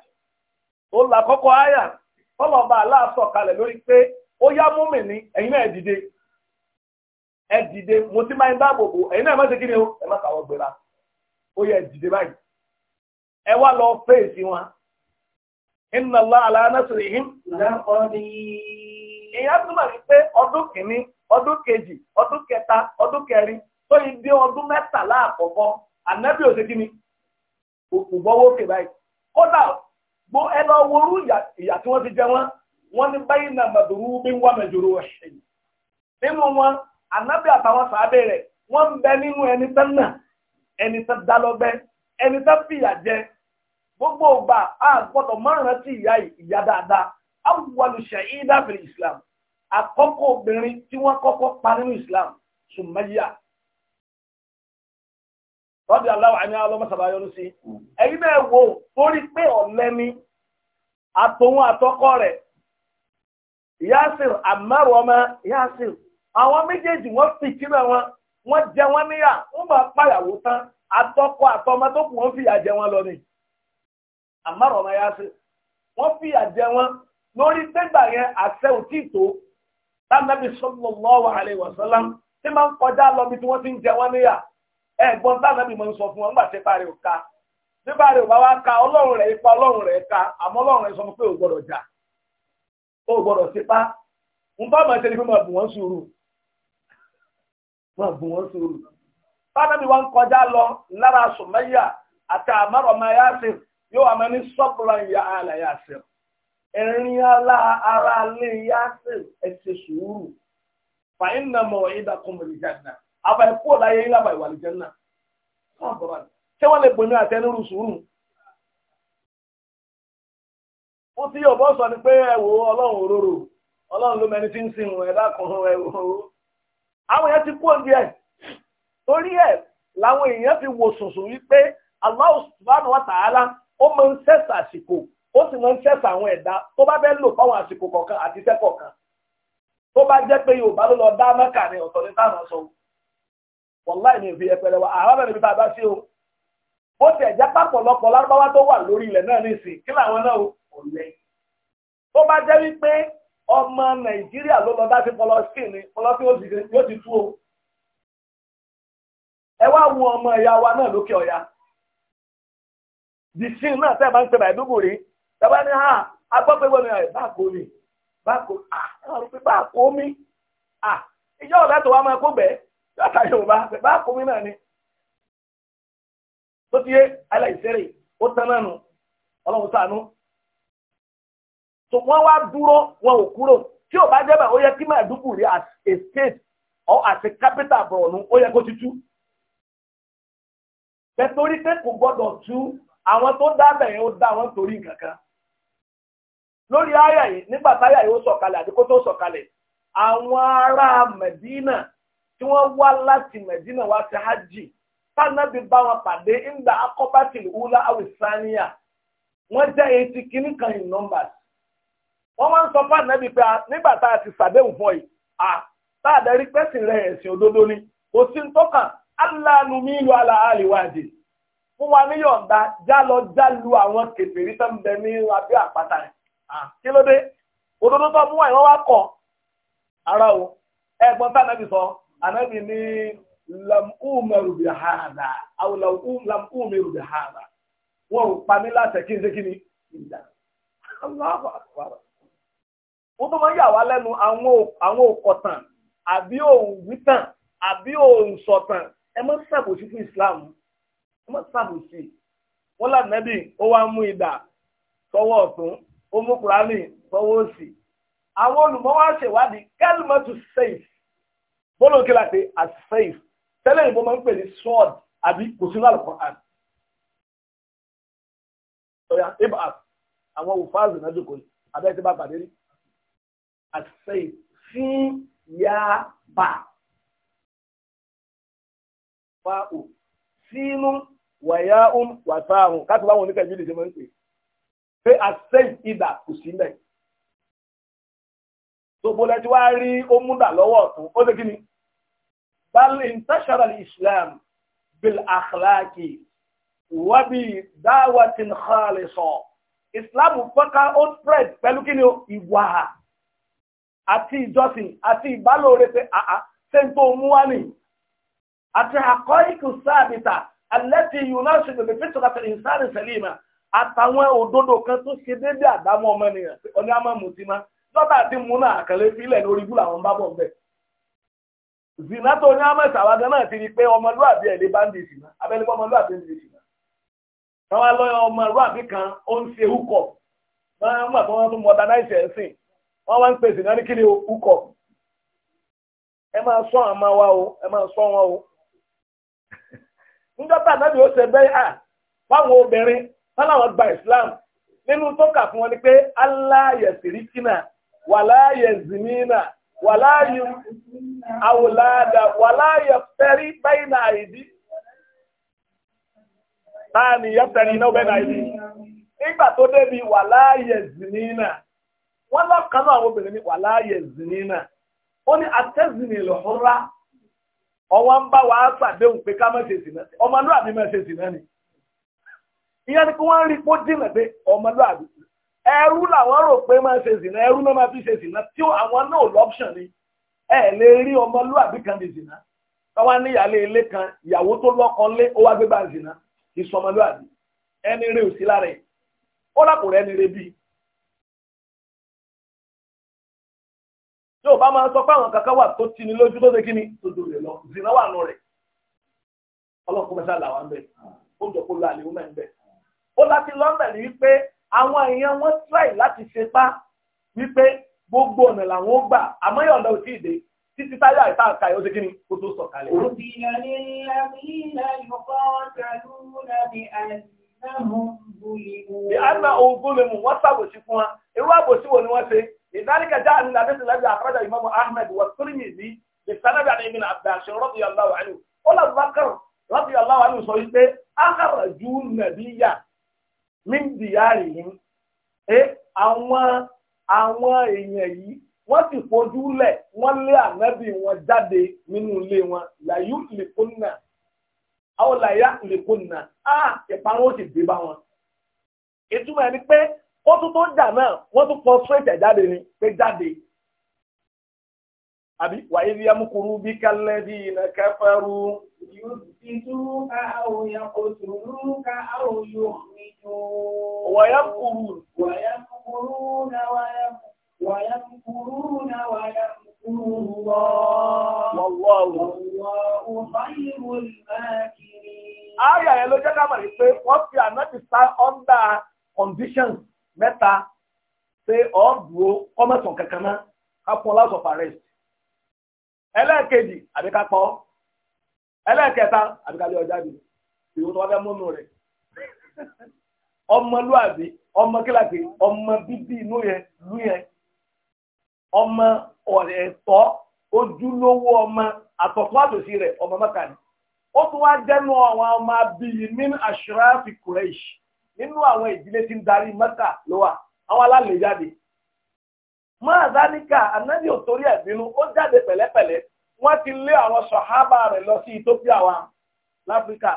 Speaker 2: Ó là kọ́kọ́ àyà aláàtọ̀ kalẹ̀ lórí pé ó yá mú mi ní ẹ̀yin náà dìde. Ẹ dìde, mo ti máa ń o, ẹ ẹ wá lọ fèsì wọn inna Allah ala nasrihim ìyá túmọ̀ sí pé ọdún kìíní ọdún kejì ọdún kẹta ọdún kẹrin tó ọdụ dé ọdún mẹ́tàlá àkọ́kọ́ ànábì òsè kí ni kò gbọ́wọ́ òkè báyìí kódà gbó ẹ lọ ìyà tí wọ́n ti jẹ ní báyìí náà màdùrú bí nínú wọn ànábì àtàwọn bẹ nínú ẹni tán náà ẹni tán ẹni tán fìyà jẹ gbogbo ọba a gbọdọ márùn-ún ti ìyá ìyá dáadáa awùwàlùṣà ìdá islam àkọ́kọ́ obìnrin tí wọ́n kọ́kọ́ pa nínú islam sùmáyà rọ́bì aláwọ̀ àní alọ́mọ́sàbà yọrù sí ẹ̀yin náà wo torí pé ọ̀lẹ́ àtòun rẹ̀ yasir amaru ọmọ yasir àwọn méjèèjì wọ́n fi wọn wọ́n jẹ wọ́n níyà wọ́n pàyàwó tán jẹ àmọ́ ọ̀rọ̀ ọmọ ya ṣe wọ́n fi àjẹ wọn lórí pẹ́gbà yẹn àṣẹ òtí lánàbí sallallahu alaihi tí máa ń kọjá lọ bí tí wọ́n ti ń jẹ wọ́n níyà ẹ̀gbọ́n lánàbí máa ń sọ fún wọn nígbà tí tí wá ká, ọlọ́run rẹ̀ ipa ọlọ́run rẹ̀ ká. àmọ́ ọlọ́run rẹ̀ sọ fún pé ò gbọ́dọ̀ yóò wà máa ní ya ìyá àlà yàtọ̀ ẹ̀rín alá ara lè yàtọ̀ ẹ̀sẹ̀ sùúrù fàyín nà mọ̀ ìdá kọmọlì jàdínà àbá ẹ̀kú ọ̀la yẹn lábà ìwà lè jẹ́nà sọ́bùrà ṣé wọ́n lè gbẹ̀mí àtẹnurú sùúrù. ó ti yọ̀ bọ́ sọ ni pé ẹ wo ọlọ́run òróró ọlọ́run ló tí ẹ wò àwọn yẹn ti kú ó máa ń sẹ́sà àsìkò ó sì máa ń sẹ́sà àwọn ẹ̀dá tó bá fẹ́ lò fáwọn àsìkò kọ̀ọ̀kan àti iṣẹ́ kọ̀ọ̀kan tó bá jẹ́ pé Yorùbá ló lọ dá mẹ́kà ní ọ̀tọ̀ ní táwọn sọ wọláì ní ìfi ẹpẹrẹ wa àwọn ẹni tá a bá sí o ó ti ẹ̀já pápọ̀lọpọ̀ lárúbáwá tó wà lórí ilẹ̀ náà nísìn kí làwọn náà ò lẹ́ tó bá jẹ́ wípé ọmọ Nàìjíríà ló lọ dá sí pọlọsìn ni pọlọsìn yóò ti tú o ẹ wá wo ọmọ ẹ̀yà wa náà lókè ọ̀yà di náà tẹ́ bá ń pẹ́ bàbá ìdúgbò rí ha agbọ́pẹ́ gbọ́dọ̀ rẹ̀ báàkó mi báàkó ah báàkó mi ah ìjọ ọ̀dà tó wá máa kó bẹ́ẹ̀ yọ̀ọ̀ta yorùbá báàkó mi náà ni. tó ti yé ó tán náà nù ọlọ́run sànú. tó wọ́n wá dúró wọn ò kúrò tí ò bá jẹ́ as a state or as a capital ó yẹ kó àwọn tó dábẹ̀ yẹn ó dá wọn torí kankan lórí àyà yìí nígbà táyà yìí ó sọ̀kalẹ̀ àti kó tó sọ̀kalẹ̀ àwọn ará Mẹ̀dínà tí wọ́n wá láti Mẹ̀dínà wá sí hajj tánàbí bá wọn pàdé ńgbà akọ́bátìlì húlá àwìsáníà wọ́n jẹ́ etí kínní kan in numbers wọ́n máa ń sọ fún pé nígbà tá a ti yìí à pẹ́sìn rẹ̀ ẹ̀sìn òdodo ni kò sí mi fún wa ní yọ̀ǹda já lọ já lu àwọn kèfèrí tó ń bẹ ní abẹ́ àpáta rẹ̀ kí ló dé òdodo tó mú wa ìwọ́n wá kọ̀ ara o ẹ̀gbọ́n tá ànábì sọ ànábì ní lamumeru bi hada awo lamumeru bi hada wọn ò pa mí láṣẹ kí n ṣe kí ni ìjà wọ́n tó máa ń yà wá lẹ́nu àwọn òkọ̀tàn àbí òwítàn àbí òǹsọ̀tàn ẹ mọ́ sàbòsí fún Islam wọ́n ṣàbùsì wọ́n lànàbì ó wá mú idà sọ́wọ́ ọ̀tún ó mú kùránì sọ́wọ́ òsì àwọn olùmọ̀ wá ṣèwádìí kẹ́lìmọ́tù sẹ́yf bọ́lọ̀ kí la pé safe. tẹ́lẹ̀ ìbọn máa ń pè ní sword àbí kò sínú àlùkò àn. ọ̀yà ibà àwọn òfáàzì náà jòkó abẹ́ ti bá pàdé rí àṣẹ́yf sí yá bà fáwò sínú wàyà um wàtá àrùn káàtó báwọn oníkàjú lè ṣe máa ń pè pé àṣẹyìn ìdà kò sí mẹ gbogbo lẹ ti wá rí ó múdà lọ́wọ́ ọ̀tún ó ṣe kí ni bali ntashara islam bil akhlaqi wabi dawatin khaliso islam fọ́nká ó spread pẹ̀lú kí ni o ìwà àti ìjọsìn àti ìbálòore ṣe àá ṣe ń tó mú wá nì àti àkọ́ ìkù sáàbìtà alẹ́tì yunasi bèbè fẹsọ̀rọ̀ àti ìsáré sẹ́lẹ̀mà àtàwọn òdodo kan tó ṣe déédéé àdámọ́ ọmọnìyàn ọ̀ní àmọ́ mùtìmá lọ́dà tí mu náà àkàlẹ́ fílẹ̀ lórí ibú làwọn bá bọ̀ bẹ́ẹ̀. zina tó ní àmọ́ ìsàwá gan náà ti rí pé ọmọlúwàbí ẹ̀ lé báńdì ìsìnà abẹ́lẹ́ ọmọlúwàbí ẹ̀ lé ìsìnà. táwọn alọ́ ọmọlúwàbí kan ó ń ṣe húkọ̀ wọ́n mọ̀ tí wọ́n tún modernize ẹ̀ sìn wọ́n wá ń pèsè náà ní kí ni húkọ̀. ẹ máa sọ àmọ́ wa o ẹ máa sọ wọn o níjọ́tà nábì ó ṣe bẹ́ẹ̀ à fáwọn obìnrin wọn làwọn gba Islam nínú tó kà fún wọn ni pé aláyẹ̀sìríkìnà wàláyẹ̀zìmínà wàláyẹ̀ àwòláàdà wàláyẹ̀ fẹ́rí bẹ́ẹ̀ náà ìdí láàrin yẹ́fẹ́ni iná bẹ́ẹ̀ náà ibi nígbà tó débi wà láàyè wọ́n lọ́kàn náà àwọn obìnrin ní wà láàyè ó ní atẹ́zìnì lọ́rọ́ ọwọ́ ń bá wa ṣàdéhùn pé ká má ṣe sìnà ọmọlúwàbí má ṣe sìnà ni ìyẹn ni kí wọ́n rí kó dìnà pé ọmọlúwàbí ẹrú làwọn rò pé má ṣe sìnà ẹrú náà má fi ṣe sìnà tí àwọn náà lọ́pṣàn ni ẹ lè rí ọmọlúwàbí kan di sìnà káwá níyàlé ilé kan ìyàwó tó lọ́kàn lé ó wá gbé bá sìnà ìsọmọlúwàbí ẹni rí òsì lára ẹ̀ ó lápò rẹ̀ ẹni rí bíi tí ò bá máa sọ pé àwọn kankan wà tó ti ní lójú tó ṣe kí ni tó dòrò ẹ̀ lọ zìnà wà nù rẹ̀ ọlọ́kùnrin mẹ́ta làwọn ń bẹ̀ ó jọ kó lọ àlèwọ́ náà ń bẹ̀. ó láti lọ́ndà ní wípé àwọn èèyàn wọ́n try láti ṣe pa wípé gbogbo ọ̀nà làwọn ó gbà àmọ́ yọ̀ǹda ò tíì dé títí táyà ìta àkàyè ó ṣe kí ni kó tó sọ̀kalẹ̀.
Speaker 1: òbíyàn ní ìlànà ìlọ́kọ̀ tàlúùnà ní àyè náà mú gbólé
Speaker 2: mu. ìhànà òun gbólé wọ́n ṣàbòsí fún wa irú àbòsí wo ni wọ́n ṣe لذلك جاء من الحديث الذي أخرجه الإمام أحمد والترمذي بالسند عن ابن عباس رضي الله عنه قال أبو رضي الله عنه صحيح أخرجوا النبي من ديارهم إيه àwọn àwọn èèyàn yìí wọ́n ti fojú lẹ̀ wọ́n lé ànábì wọn jáde nínú ilé wọn làyú lèkónà àwọn làyà lèkónà á ìparun ó sì dé bá wọn. ìtumọ̀ ẹni pé wọ́n tún tó jà náà wọ́n tún pọ̀ straight ẹ̀ jáde ni pé jáde. àbí wà á yẹ mukuru bí kálẹ̀ bí iná
Speaker 1: kẹfẹ́rú. yusituka aw yaqtuluka aw yukhrijuka. wa yamkurun. wa yamkuruna wa yamkurun. ويمكرون ويمكر الله
Speaker 2: والله والله
Speaker 1: خير الماكرين.
Speaker 2: Ayà yẹn ló jẹ́ ká mọ̀ ní pé wọ́n fi ànábì sá ọ́ndà conditions mẹ́ta pé ọ̀ọ́dúró kọ́mọ̀sán kankan náà ká pọ́n láti ọ̀fà rẹ̀ ẹlẹ́ẹ̀kejì àbí ká pọ́ ẹlẹ́ẹ̀kẹta àbí ká lé ọjà bì ìwọ tó wá fẹ́ múnú rẹ̀ ọmọlúàbí ọmọ kílàsì ọmọ bíbí inú yẹn lú yẹn ọmọ ọ̀rẹ́tọ́ ojúlówó ọmọ àtọ̀kọ́ àtòsí rẹ̀ ọmọ mẹ́ta ni ó tún wá jẹ́nu àwọn ọmọ abiyì min ashrafi Quraysh nínú àwọn ìdílé tí ń darí mẹ́kà ló wà àwọn alálẹ̀ jáde máa záníkà anábì ò ó jáde pẹ̀lẹ́pẹ̀lẹ́ wọ́n ti lé àwọn sọ̀hábà lọ sí Ethiopia wa láfíríkà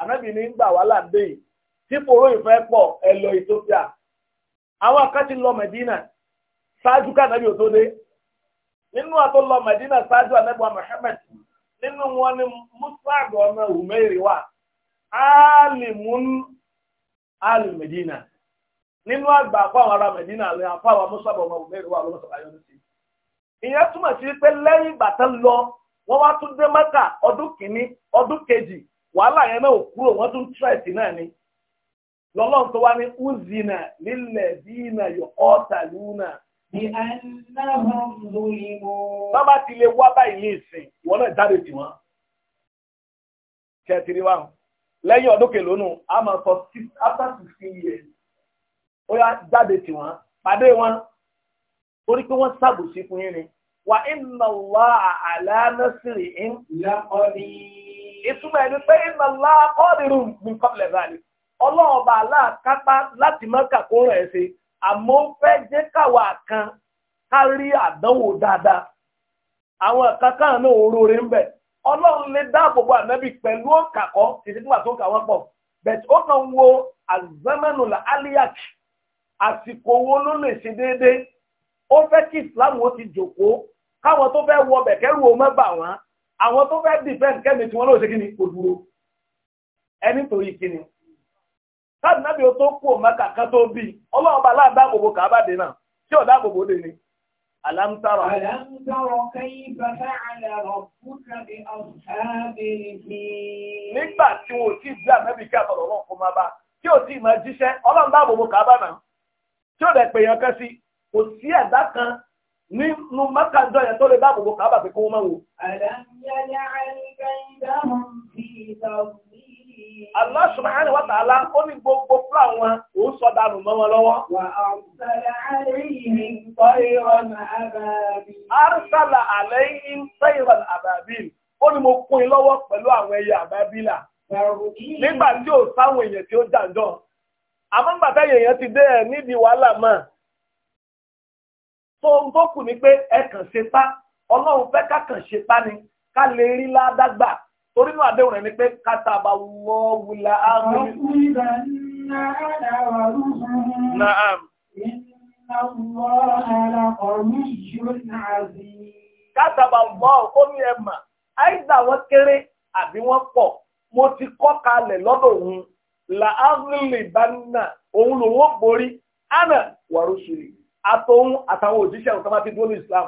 Speaker 2: anabi ní gbà wá yìí tí fòró ìfẹ́ pọ̀ ẹ lọ Ethiopia Medina ṣáájú kanabi Medina ṣáájú nínú wọn ni ọmọ wa alù Medina nínú àgbà àpá àwọn ará Medina lè àpá àwọn amúṣàbọ̀ ọmọ òmìnir wà lọ́wọ́ sọ̀rọ̀ ayọ́nù sí. ìyẹn túmọ̀ sí pé lẹ́yìn ìgbà tán lọ wọ́n wá tún dé Mẹ́kà ọdún kìíní ọdún kejì wàhálà yẹn náà ò kúrò wọ́n tún tírẹ̀tì ni. uzina lílẹ̀ dínà lúnà. bábà ti lè wá báyìí ní ìsìn náà lẹ́yìn ọdún kẹlónù a máa sọ after years ó jáde tì wọ́n pàdé wọn torí pé wọ́n sí fún yín ni wà inna Allaha ala nasrihim laqadir. ìtumọ̀ ẹni pé inna la qadirun min qabli dhalik ọlọ́ọ̀bà aláàkápá láti rẹ̀ ṣe àmọ́ ó fẹ́ jẹ́ káwa kan kárí àdánwò dáadáa àwọn kankan náà ọlọ́run lè dáàbò bo ànábì pẹ̀lú òǹkàkọ́ títí nígbà tó ń kà wọ́n pọ̀ bẹ̀tẹ̀ ó kàn wo azẹ́mẹ́nula aliyak àsìkò wo ló lè ṣe déédéé ó fẹ́ kí islam ó ti jòkóó káwọn tó fẹ́ wọ bẹ̀kẹ́rù ó má bà wọ́n àwọn tó fẹ́ dìfẹ́ǹd kẹ́mi tí wọ́n lóò ṣe kí ni kò dúró ẹni torí kí ni káàdì náà bí o tó kú òmàkà kan tó bí ọlọ́run bá láàdáàbòbò kàá bá dé náà tí ò dáàbòbò dé ni ألم ترى ألم
Speaker 1: ترى كيف فعل ربك بأصحاب الفيل
Speaker 2: nígbà tí wọn ò tí ì bí àmẹ́bí kí àtọ̀rọ̀ ọlọ́run kó máa bá tí ò tí máa jíṣẹ́ ọlọ́run dáàbò bo kàá tí ò dẹ̀ pè yàn kan kò sí ẹ̀dá kan nínú mọ́kàndọ́ yẹn tó lè dáàbò bo kàá pé kó máa wò.
Speaker 1: àlàyé ayé àìgbẹ́ ìdáhùn
Speaker 2: bíi ìtàkùn. Allah subhanahu wa ta'ala ó ní gbogbo fúlà wọn ò sọ dànù mọ́ wọn lọ́wọ́.
Speaker 1: ababil.
Speaker 2: Arsala àlẹ́yìn tayran ababil. Ó ní mo kún in lọ́wọ́ pẹ̀lú àwọn ẹyẹ àbábílà. Nígbà tí ò sáwọn èèyàn tí ó jàǹdọ̀. Àmọ́ èèyàn ti dé ẹ̀ nídìí wàhálà mọ́. Tó ń tó kù ni pé ẹ kàn ṣe pa. Ọlọ́run fẹ́ ká kàn ṣe pa ni ká lè rí ládàgbà torí inú àdéhùn rẹ̀ ni pé kátàbà wọ́wùlà kátàbà wọ́ ó ní ẹ̀mà àìdá wọn kéré àbí wọn pọ̀ mo ti kọ́ kalẹ̀ lọ́dọ̀ òun la áńlì bánà òun lòun ó borí ana wàrúṣìlì àtòun àtàwọn òjíṣẹ́ òun tó bá ti dúró ní Islam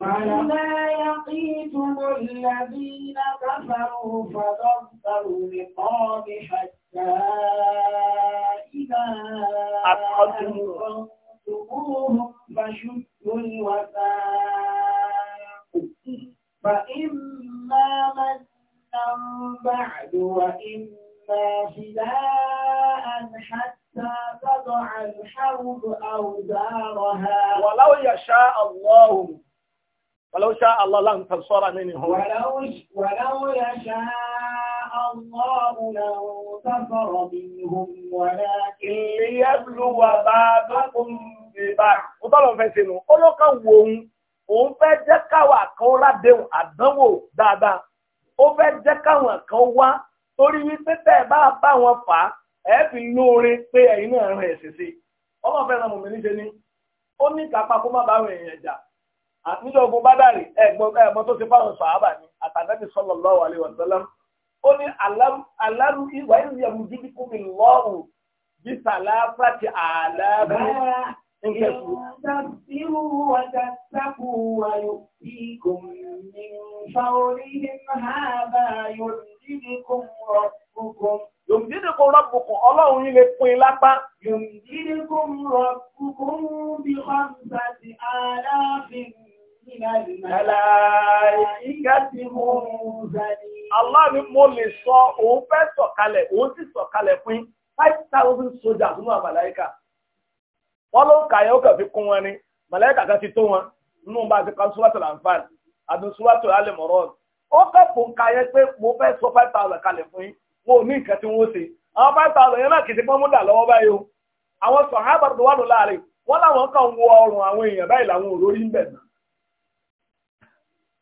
Speaker 2: فلما
Speaker 1: يقيتم الذين كفروا فضرب الرقاب حتى إذا أثخنتموهم فشدوا الوثاق فإما منا بعد وإما فداء حتى تضع الحرب أوزارها ولو
Speaker 2: يشاء الله ولو شاء الله لانتصر منهم ولو
Speaker 1: ولو يشاء الله لانتصر منهم ولكن
Speaker 2: ليبلو بعضكم ببعض وطلعوا فيسينو قولوا كوون òun fẹ́ jẹ́ káwa kan ládéhùn àdánwò dáadáa ó fẹ́ jẹ́ káwọn kan wá torí wípé tẹ́ ẹ bá bá wọn fà á ẹ fi lóore pé ẹ̀yin náà rìn ẹ̀sìn sí ọlọ́run mọ̀mí níṣe ni ó ní kápá má bá àwọn èèyàn jà níjọ́ ogun bádàrí ẹ̀gbọ́n tó ti fáwọn sàábà ni àtàlẹ́bí sallallahu alaihi wasallam ó ní aláru ìwà ìlú yẹn mú dídí kúmi lọ́rùn bí sàlásà ti àlàbí nkẹ́sù.
Speaker 1: Tàbíru wàjà
Speaker 2: ọlọ́run yìí lè pín lápá. Yòmùdídìkùn rọ̀kùkùn bí khamsati
Speaker 1: àlàáfin. Allah
Speaker 2: ni mo lè sọ òun fẹ́ sọ̀kalẹ̀, òun sì sọ̀kalẹ̀ fún five thousand soldiers nínú àmàláíkà. Wọ́n ló ń kà yẹn ó fi kún wọn ni, màláíkà kan ti tó wọn nínú bá kan súwátò lànfàn súwátò Ó pé mo fẹ́ sọ five thousand fún yín, ní nǹkan tí wọ́n ṣe. Àwọn five thousand yẹn náà kì o. Àwọn wà lọ láàrin, wọ́n láwọn wọ ọrùn àwọn èèyàn báyìí làwọn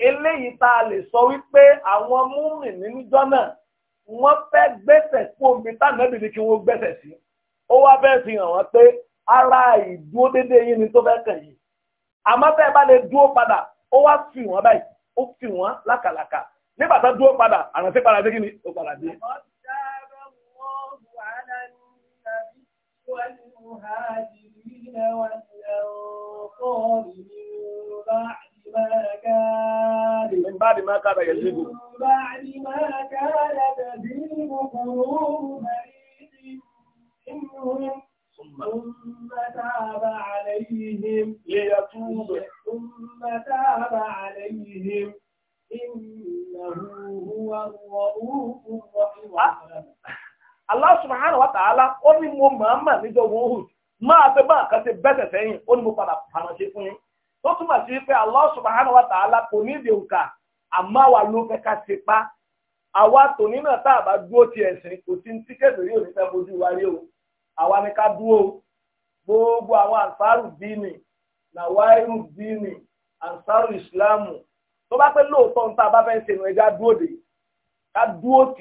Speaker 2: eléyìí tá a lè sọ wípé àwọn múmin nínú jọ́nà wọ́n fẹ́ gbẹ́sẹ̀ fún omi tánàbì ni kí wọ́n gbẹ́sẹ̀ sí ó wá fẹ́ fi hàn wọ́n pé ara ìdúró dédé yín ni tó fẹ́ kàn yìí àmọ́ bẹ́ẹ̀ bá lè dúró padà ó wá fi wọ́n báyìí ó fi wọ́n lákàlàkà nígbà tó dúró padà àrántí padà dé kí ni ó padà dé.
Speaker 1: والمهاجرين والأنصار من بعد ما كان من بعد ما كان يزيغ من بعد ما كان تزيغ قلوب فريق منهم ثم تاب عليهم ليتوب ثم تاب عليهم إنه هو الرؤوف الرحيم
Speaker 2: Allah subhanahu wa ta'ala ó ní mo máa ń mà níjọ́ wọn hù máa fẹ́ bá àkàtì bẹ́sẹ̀ sẹ́yìn ó ní mo padà fàránṣẹ́ fún yín. tó túmọ̀ sí pé Allah wa ta'ala kò ní ìdè àmọ́ àwa ló fẹ́ ká ṣe pa àwa tòní ti ẹ̀sìn kò sí ní tíkẹ́ẹ̀tì rí ni ká dúró gbogbo àwọn àǹsárù dínì nàwáírù dínì àǹsárù ìsìláàmù tó bá pẹ́ lóòótọ́ ń bá fẹ́ ṣe ìrìn ẹja dúró ká dúró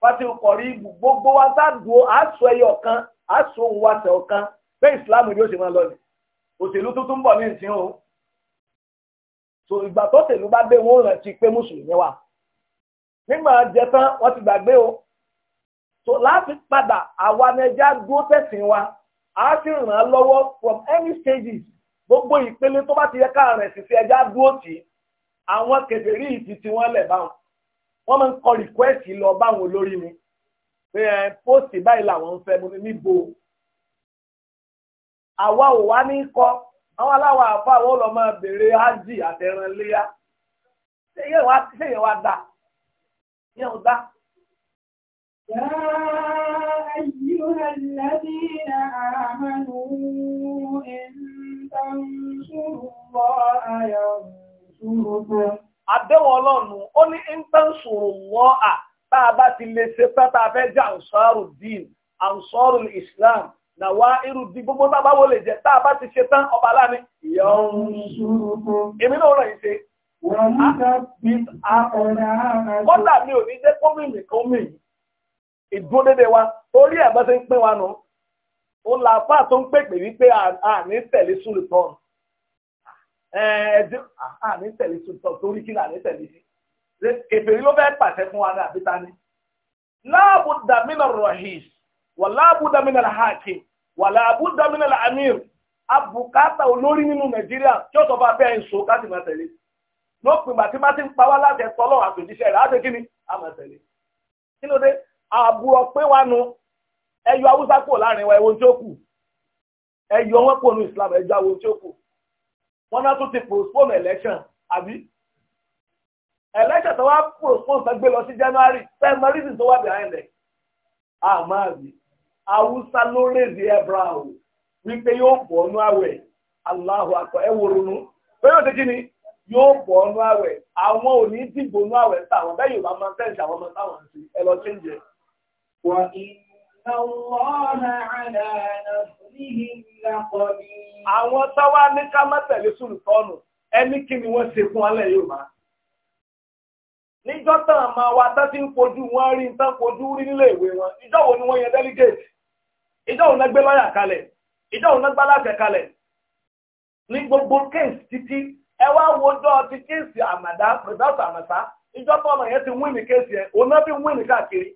Speaker 2: fati kọ̀rí ibù gbogbo wa tá a dùn àásù ẹyẹ ọ̀kan àásù òun wa tẹ̀ ọ̀kan pé ìsìláàmù ni ó ṣe máa lọ ni òṣèlú tuntun ń bọ̀ ní ìsìn o so ìgbà tó tèlú bá dé wọn rántí pé mùsùlùmí wà nígbà jẹ tán wọn ti gbàgbé o so láti padà àwa nẹja dúró tẹ̀sìn wa a ti ràn án lọ́wọ́ from any stages gbogbo ìpele tó bá ti yẹ ká rẹ̀ sì fi ẹja dúró tì àwọn kèfèrí ìtì tí wọ́n lẹ̀ báwọn wọ́n máa ń kọ rìkwẹ́sì lọ báwọn olórí mi pé ẹ póòsì báyìí làwọn ń fẹ́ mo ní níbo àwa ò wá ní kọ àwọn aláwọ̀ àfa àwọn ò lọ máa béèrè ájì àtẹranléyà ṣé ìyẹn wá dà ìyẹn ò dá.
Speaker 1: يا أيها الذين آمنوا إن تنصروا الله ينصركم àdéhùn
Speaker 2: ọlọ́run ó ní intansoro wọ́n à tá a bá ti lè ṣe tán tá a fẹ́ jẹ́ ansaru din ansaru islam na wá irú di gbogbo tábàwò lè jẹ tá a bá ti ṣe tán ọba láàrin ìyá ọ̀hún èmi náà rọ̀ yìí ṣe. kọ́dà mi ò ní jẹ́ kọ́mìnì kọ́mìnì ìdúró dédé wa torí ẹ̀ bá ṣe ń pín wa nù ó làáfà tó ń pèpè wípé àní tẹ̀lé sùlùtọ́ọ̀nù. ẹ̀ẹ́dẹ́ eh, àní ah, tẹ̀lé tuntun torí kí làní tẹ̀lé sí kèfèrí ló fẹ́ pàṣẹ fún wa ní àbíta ni láàbù dàmínà rahis wà láàbù dàmínà hàkì wà láàbù dàmínà amir abùkátà olórí nínú nàìjíríà tí ó sọ fún abẹ́ ìṣó káàtì máa tẹ̀lé lópin ìgbà tí máa ń pa wá láti ẹ̀tọ́ a máa tẹ̀lé kí ló dé àbúrò nu ẹyọ haúsá kúrò láàrin wa ẹwọn tí ó kù ẹyọ wọn islam àwọn tí ó wọ́n náà tún ti postpone election àbí election tó wá postpone tó gbé lọ sí January ten reason tó wà behind it àmọ́ àbí Haúsá ló rèézi ẹ̀bùrà o wípé yóò bọ̀ ọ́nú àwẹ̀ akọ ẹ̀ ni yóò bọ̀ ọ́nú àwẹ̀ àwọn ò dìbò nú àwẹ̀ táwọn bẹ́ẹ̀ yóò
Speaker 1: bá Àwọn
Speaker 2: táwá ní ká mẹ́tẹ̀lé sùlùtọ́nù, ẹni kí ni wọ́n ṣe fún alẹ́ Yorùbá. Níjọ́ tán máa wa tán ti ń wọn rí tán kojú rí nílé ìwé wọn. Ìjọ́ wo ni wọ́n yẹ dẹ́lígéètì? Ìjọ́ wo náà gbé lọ́yà kalẹ̀? Ní gbogbo kéèsì títí, ẹ wá ti kéèsì àmàdá, pẹ̀lú ìjọ́ tán ọmọ yẹn ti kéèsì yẹn, káàkiri.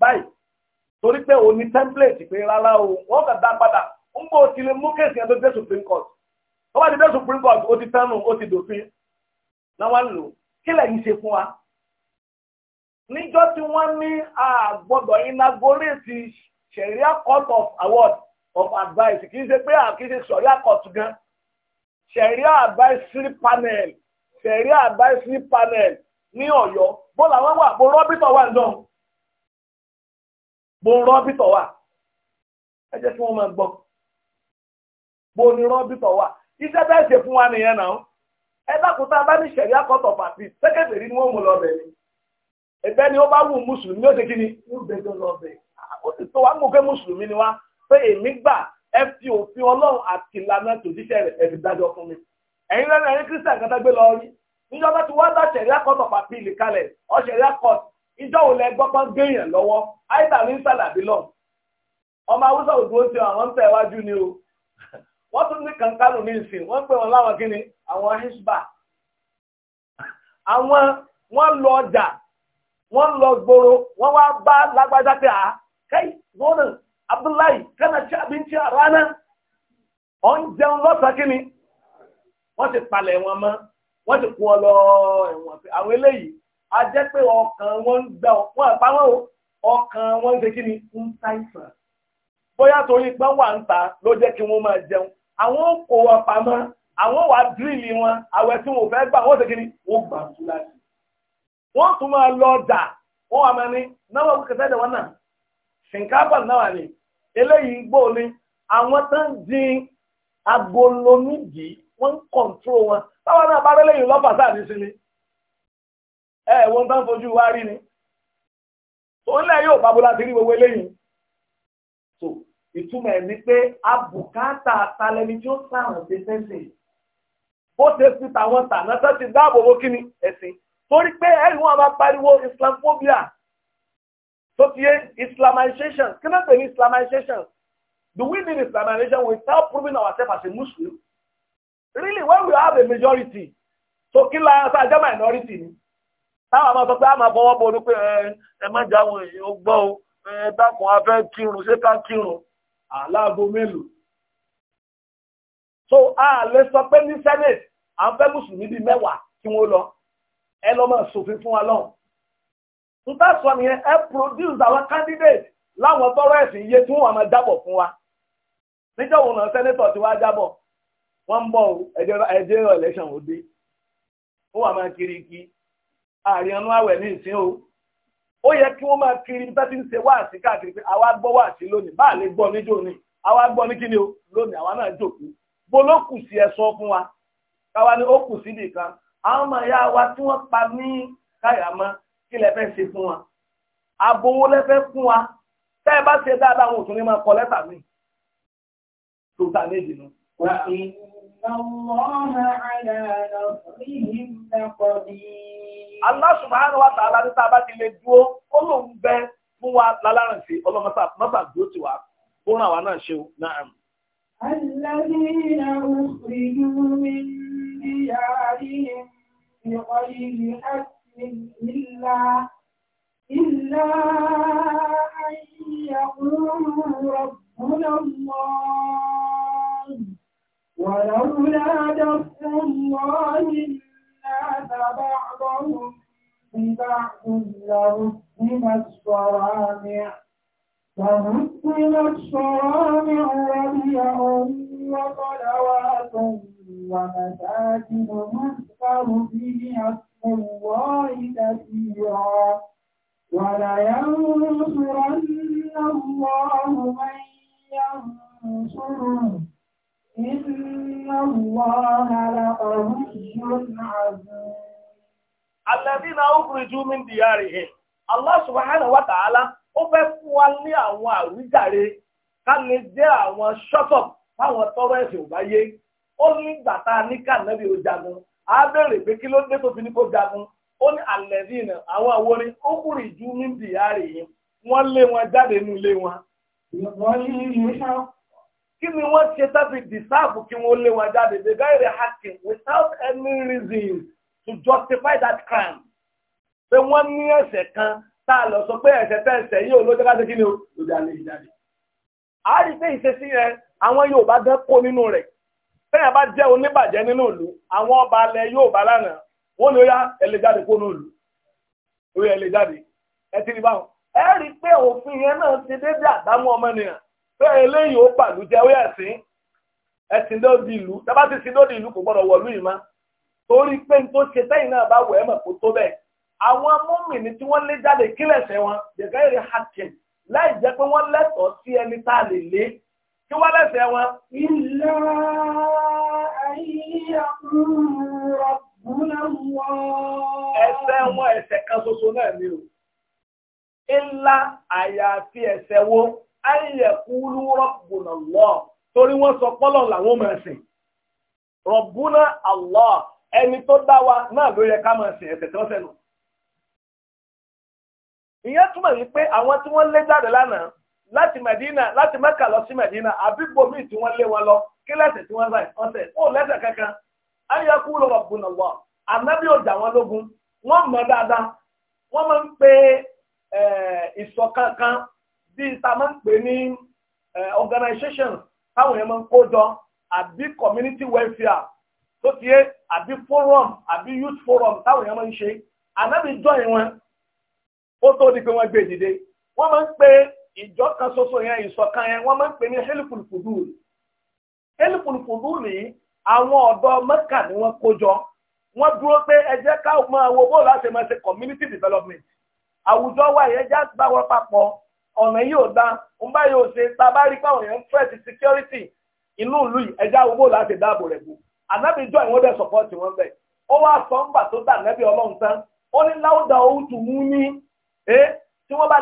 Speaker 2: Báyìí, torí pé o ní template pé rárá o wọ́n kàn dá padà ń bò ti lè mú kéèsì yẹn tó dé supreme court wọ́n bá ti dé supreme court ó ti tánu ó ti dòfin náà wá lò kí lẹ́yìn ṣe fún wa níjọ́ tí wọ́n ní àgbọ́dọ̀ inaugurate sharia court of award of advice kì í ṣe pé kì í ṣe sharia court gan sharia advisory panel sharia advisory panel ní Ọ̀yọ́ bó làwọn wà bó rọbìtọ wà náà bó ń rọ́bìtọ̀ wà ẹ jẹ́ kí wọ́n máa gbọ́ bó ní rọ́bìtọ̀ wà iṣẹ́ bẹ́ẹ̀ ṣe fún wa nìyẹn náà ẹ dákun tá a bá ní ṣẹ̀rí àkọ́tọ̀ pàtì sẹ́kẹ̀tẹ̀rì ni wọ́n mú lọ bẹ̀ ni ẹgbẹ́ ni ó bá wù mùsùlùmí ó ṣe kí ni yóò gbẹjọ́ lọ bẹ̀ ó ti tó wá mú pé mùsùlùmí ni wá pé èmi gbà ẹ fi òfin ọlọ́run àti ìlànà tòjíṣẹ́ rẹ̀ ẹ̀fì dájọ́ fún mi ẹ̀yin lẹ́nu ẹ̀yin kírísítà kan ìjọ òun lẹ gbọ́pọ́n gbéyàn lọ́wọ́ àìsàn ní sàlàbí lọ ọmọ haúsá òdúró ti àwọn ń ni o wọ́n tún ní kankanu ní ìsìn wọ́n pè wọ́n láwọn kíni àwọn hisba àwọn wọ́n lọ wá bá lágbájá pé à kẹ́yì abdullahi a jẹ́ pé ọkàn wọn ń gbà wọn ń ṣe kí ni ń ṣàìsàn bóyá torí pé wà ń ta ló jẹ́ kí wọ́n máa jẹun àwọn kò wà pamọ́ àwọn wà dírìlì wọn àwẹ̀ tí wọn ò fẹ́ gbà wọ́n ṣe kí ni wọ́n gbà láti wọ́n tún máa lọ dà wọ́n wà máa ní náwó náà wọn náà bá rẹ́lẹ́yìn lọ́fà sáà ní ẹ̀wọ̀n tán fojú wá rí ni tó ń lẹ̀ yóò bábúlá ti rí gbogbo eléyìí so ìtumọ̀ ẹ̀ ni pé abùkátà talẹ́ni tí ó sáhàn ṣe fẹ́sìn bó ṣe fi tàwọn tàná tó ti dáàbò bo kíni ẹ̀sìn torí pé ẹ̀rí wọn bá pariwo islamophobia tó ti yé islamization kí ló ń pè ní islamization do we need islamization without proving ourselves as a muslim really when we have a majority so kí la ṣáájá minority ni. táwọn ọmọ sọ pé fọwọ́ bọ orí pé ẹ má jáwọ ó gbọ́ o dákun afẹ́ kírun so a lè sọ pé ní senate à ń fẹ́ mùsùlùmí bíi mẹ́wàá kí lọ ẹ lọ́ máa fún wa lọ́hùn. n sọ nìyẹn ẹ produce candidate láwọn tọrọ iye tí ma máa jábọ̀ wa. wo náà tí wàá ń òde ó wà àárín ọ̀nà àwẹ̀ ní ìsín o ó yẹ kí wọ́n máa kiri bí tẹ́tí ń ṣe wáàsí káàkiri pé àwa gbọ́ wáàsí lónìí bá a lè gbọ́ ni àwa ní kíni o lónìí àwa náà jòkó bó ló kù fún wa káwa ni ó kù sí nìkan wa tí wọ́n pa ní kí lẹ fẹ́ ṣe fún wa lẹ fún wa tẹ́ ẹ bá ṣe dáadáa ní máa kọ lẹ́tà tó وإن
Speaker 1: الله على نصرهم لقدير
Speaker 2: الله سبحانه وتعالى ní sábà ti lè dúró ó ló ń bẹ fún wa lálárìn sí ọlọ́mọsà mọ́sà dúró ti wá ó ràn wá náà ṣe o náà.
Speaker 1: الذين أخرجوا من ديارهم بغير حق إلا إلا أن يقولوا ربنا الله ولولا دفع الله الناس بعضهم ببعض لهدمت صوامع فهدمت صوامع وبيع وصلوات ومساجد يذكر فيها اسم الله كثيرا ولينصرن الله من ينصره إن الله لقوي عزيز
Speaker 2: الذين أخرجوا من ديارهم Allah subhanahu wa ta'ala ó fẹ́ fún wa ní àwọn àwíjàre ká ní jẹ́ àwọn ṣọ́tọ̀ ẹ̀sìn yé. Ó ní gbàtà ní kànáàbí ó jagun. A pé kí ló dé jagun. Ó ní àwọn àwòrán ó kúrò ìjú ní Wọ́n lé wọn jáde nínú wọn. yìí kí ni wọ́n ṣe tábí dìsáàbù kí wọ́n lé wọn jáde they got hacking without any reason to justify that crime pé wọ́n ní ẹ̀ṣẹ̀ kan tá a lọ sọ pé ẹ̀ṣẹ̀ tẹ́ ẹ̀ṣẹ̀ yìí ò ló jẹ́ká sí kí ni o lòdì àlè ìjáde. a rí i pé ìṣesí yẹn àwọn Yorùbá dán kó nínú rẹ̀ bẹ́ẹ̀ bá jẹ́ oníbàjẹ́ nínú ìlú àwọn ọba alẹ́ Yorùbá lánàá wọ́n ní ó yá ẹlẹ́jáde kó nínú ìlú ó yá ẹlẹ́jáde ẹ ti rí báwọn ẹ rí i pé òfin yẹn náà ti dédé àdámọ́ ọmọnìyàn pé eléyìí ó bàlújẹ́ ó yẹ sí ẹ̀sìn lóde ìlú tábà ti sin lóde ìlú kò gbọ́dọ̀ wọ̀lú ìmọ̀ torí pé n tó ṣe sẹ́yìn náà bá wọ̀ ẹ́ mọ̀ kó tó bẹ́ẹ̀ àwọn mùmínì tí wọ́n lé jáde kílẹ̀ṣẹ̀ wọn gẹ̀gẹ́ ìrìn hakim láì jẹ́ pé wọ́n lẹ́tọ̀ọ́ sí ẹni tá a lè lé kí wọ́n lẹ́sẹ̀ wọn. ìlà ayé ọ̀rọ̀gbọ́nàwọ̀. ẹ̀ṣẹ̀ wọn ẹ̀ṣẹ̀ kan ṣoṣo náà ni ayẹ̀ kúlú rọ́bùnà lọ torí wọ́n sọ pọ́lọ̀ làwọn máa sìn rọ̀bùnà àlọ́ ẹni tó dá náà ló yẹ ká máa sìn ẹ̀sẹ̀ tó sẹ́nu. ìyẹn túmọ̀ pé àwọn tí wọ́n lé jáde lánàá láti Mẹ̀dínà láti Mẹ́kà lọ sí Mẹ̀dínà àbí wọn lọ kí lẹ́sẹ̀ tí wọ́n kankan kúlú rọ̀bùnà lọ ànábì wọn wọ́n mọ̀ dáadáa wọ́n máa bí ta máa ń pè ní organization táwọn èèyàn máa ń kó jọ àbí community welfare tó ti yé àbí forum àbí youth forum táwọn èèyàn máa ń ṣe ànábì jọ ìwọn ó tó di pé wọ́n gbé dìde wọ́n máa ń pè ìjọ kan ṣoṣo yẹn ìṣọ̀kan yẹn wọ́n máa ń pè ní helifulufudu helifulufudu nìyí àwọn ọ̀dọ́ mẹ́kà ni wọ́n kó jọ wọ́n dúró pé ẹ jẹ́ ká máa wo bóòlù àti ẹ̀mọ́ṣe community development àwùjọ wa yẹn já gbá wọn papọ̀ ọ̀nà yóò dá ń bá yóò ṣe ta bá rí pàwọn èèyàn fẹ́ ti security inú ìlú yìí ẹja owó láti dáàbò rẹ̀ bù ànábì jọ ìwọ́n bẹ̀ sọ̀pọ́ọ̀tì wọn bẹ̀ ó wá sọ ń bà tó dà nẹ́bí ọlọ́run tán ó ní láwùjọ owó tù mú ní ẹ tí wọ́n bá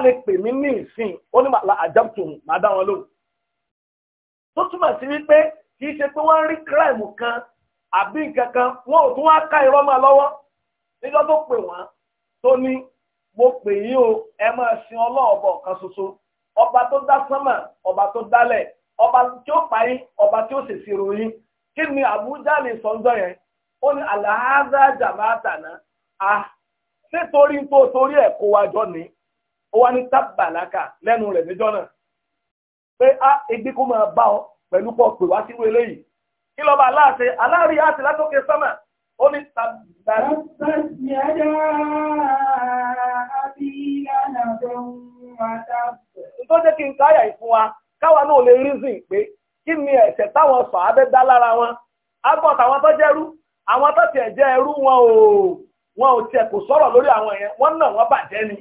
Speaker 2: wọn tó kan àbí nǹkan kan wọn ò tún wá ká lọ́wọ́ tó pè wọ́n mo pè yín o ẹ máa sin ọlọ́ọ̀bọ̀ kan ṣoṣo ọba tó dá sánmà ọba tó dálẹ̀ ọba tí ó pa yín ọba tí ó sì fi ro yín kí ni àbújá lè sọ ń dọ̀yẹn ó ní àlàáza jàmáàtà náà a nítorí tó torí ẹ̀ kó wa jọ ní ó wá ní tábàlákà lẹ́nu rẹ̀ níjọ́ náà pé a egbé kó máa bá ọ pẹ̀lú pọ̀ pè wá sínú eléyìí kí lọ́ba aláàṣẹ aláàrí àti látòkè sánmà ó ní tábàlákà tó jẹ́ kí n káyà ìfún wa káwa náà lè reason pé kí ni ẹ̀ṣẹ̀ táwọn sọ abẹ́ dá lára wọn agbọ́n tàwọn tó jẹ́rú àwọn tó tiẹ̀ jẹ́ ẹrú wọn ò wọn ò tiẹ̀ kò sọ̀rọ̀ lórí àwọn yẹn wọ́n náà wọ́n bàjẹ́ ni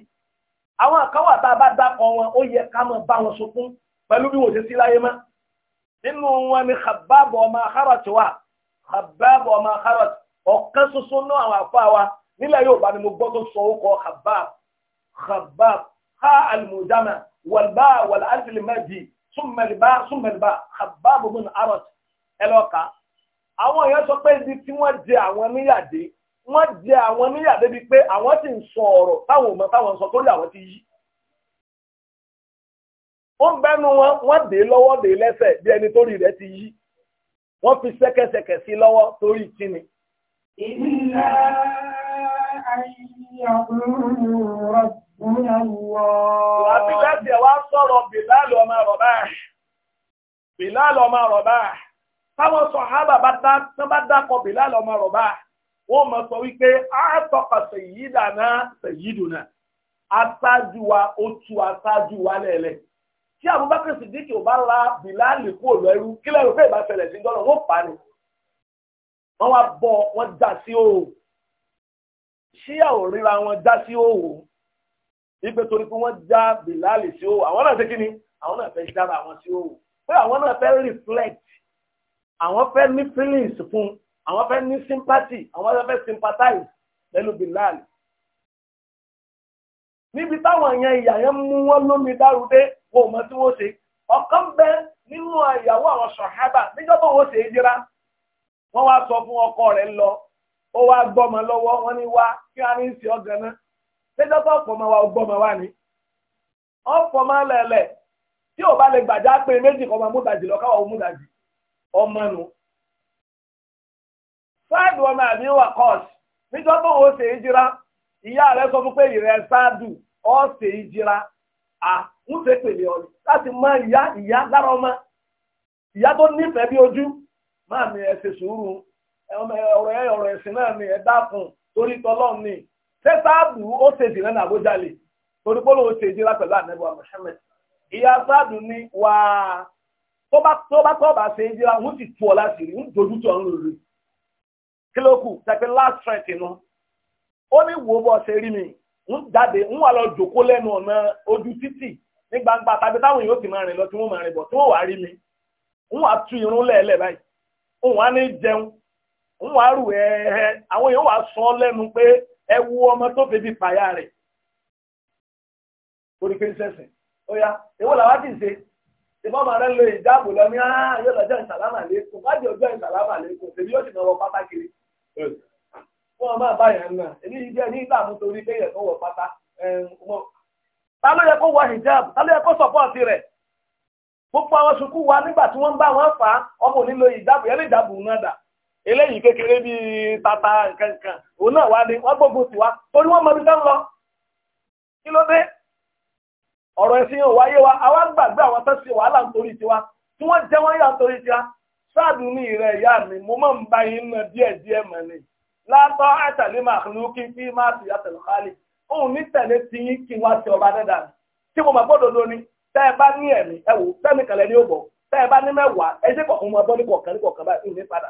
Speaker 2: àwọn kan wà tá a bá dákọ̀ wọn ó yẹ ká máa bá wọn sunkún pẹ̀lú bí wọ́n ṣe sí láyé mọ́ nínú wọn ni khabbabo ọmọ akárọ̀tì wà khabbabo ọmọ akárọ̀tì ọ̀kan ṣoṣo náà àwọn àfọ خباب خاء الموزمة والباء والألف المادي ثم الباء ثم الباء خباب من أرس ẹlọ́ka àwọn èèyàn sọ pé ibi tí wọ́n jẹ àwọn níyàdé wọ́n jẹ àwọn níyàdé bíi pé àwọn ti ń sọ ọ̀rọ̀ táwọn ò mọ táwọn ń sọ torí àwọn ti yí. ó ń bẹnu wọn wọ́n dé lọ́wọ́ dé lẹ́sẹ̀ bí ẹni torí rẹ̀ ti yí wọ́n fi ṣẹ́kẹ́ṣẹkẹ̀ sí lọ́wọ́ torí kíni.
Speaker 1: ìlà ayé ọ̀gbìn rọ̀bì. Àti láti ẹ̀wà sọ̀rọ̀
Speaker 2: Bilal ọmọ Rabah. Bilal ọmọ Rabah. Táwọn sàhábà bá dákọ̀ Bilal ọmọ Rabah. Wọ́n mọ̀ sọ wípé àtọ̀kà sayyidana sayyiduna. Aṣáájú wa, ó tu aṣáájú wa lẹ́lẹ̀. Tí Abubakar Siddiq ò bá la Bilal kú òlò ẹrú, kí lẹ́rù pé ìbá ṣẹlẹ̀ sí dọ́là, wọ́n pa ni. Wọ́n wá bọ̀, wọ́n dá sí òòrùn. Ṣíyà ò wọn dá sí òòrùn ipe torí pé wọ́n já Bilali sí òwò àwọn náà ṣe kí ni àwọn náà fẹ́ jára àwọn sí òwò pé àwọn náà fẹ́ reflect àwọn fẹ́ ní feelings fún àwọn fẹ́ ní sympathy àwọn fẹ́ sympathize pẹ̀lú Bilali níbi táwọn èèyàn ìyá yẹn mú wọn lómi dárúdé wo mọ tí wọ́n ṣe ọ̀kan bẹ nínú ìyàwó àwọn sọ̀hábà níjọba wo ṣe é jira wọ́n wá sọ fún ọkọ rẹ̀ lọ ó wá gbọ́mọ lọ́wọ́ wọ́n ní wá kí a ní í ṣe ọ̀gànnà ṣéjọ́ tó ọ̀pọ̀ máa wá ni ọ̀pọ̀ máa lẹ̀lẹ̀ tí o bá lè gbàjá pé méjì kọ́ máa mú dàjì lọ káwọn mú dàjì ọmọ nu. ọmọ àmì wà kọ́ọ̀sì o ṣe é jira ìyá rẹ sọ fún pé ìrẹ sáàdù ṣe é jira à ń ṣe pèlè láti mọ ìyá ìyá lára ọmọ ìyá tó nífẹ̀ẹ́ bí ojú máa mi ṣe sùúrù ọ̀rọ̀ ẹ̀sìn náà torí sáàbù ó ṣe jìnnà náà àbójà lè torí pé ó ṣe jìnnà pẹ̀lú ànẹ́bùwà Muhammad ìyá sáàbù ni wà á tó bá tó bá tó bá ṣe jìnnà ń ti tu ọ láti rí ń dojú tó ń lòlù kí ló kù tẹ̀pẹ́ last threat nu ó ní wo bọ́ ṣe rí mi ń jáde ń wà lọ jòkó lẹ́nu ọ̀nà ojú títì ní gbangba tàbí táwọn èèyàn ti máa rìn lọ tí wọ́n máa rìn bọ̀ tí wọ́n wà rí mi ń wà tú irun lẹ́ẹ̀lẹ́ báyìí ń wà ní jẹun ń wà rù ẹ̀ẹ́ àwọn èèyàn wà sọ lẹ́nu pé Ewu ọmọ tó fẹ́ bí pàyà rẹ̀ orí pírísẹ́sìn ó yá èwo làwa ti ṣe ìfọ́mọ rẹ lọ ní áá ah, yóò lọ́jọ́ ìsàlámà lẹ́kùn ọjọ́ ìsàlámà lẹ́kùn èmi yóò sì máa wọ pátá kiri fún ọmọ náà èmi yìí ní kéèyàn tó wọ pátá ta ló yẹ kó hijab ta ló yẹ kó gbogbo àwọn wa nígbà tí bá wọn fà á ọmọ eléyìí kékeré bíi tata kankan òun náà wá ní wọ́n gbógun tiwa torí wọ́n mọ ibi lọ kí ló dé ọ̀rọ̀ ẹ̀sìn wáyé wa àwa gbàgbé àwọn tó ṣe wàhálà nítorí tiwa tí wọ́n jẹ́ wọ́n yà nítorí tiwa mi mo máa ń bá yín ná ni látọ̀ àtàlẹ́ máa ń lókè kí máa sì yàtọ̀ lọ́kàlẹ̀ òun ti yín ọba tí mo máa ẹ bá ní ẹ wò ní ẹ bá ní ẹ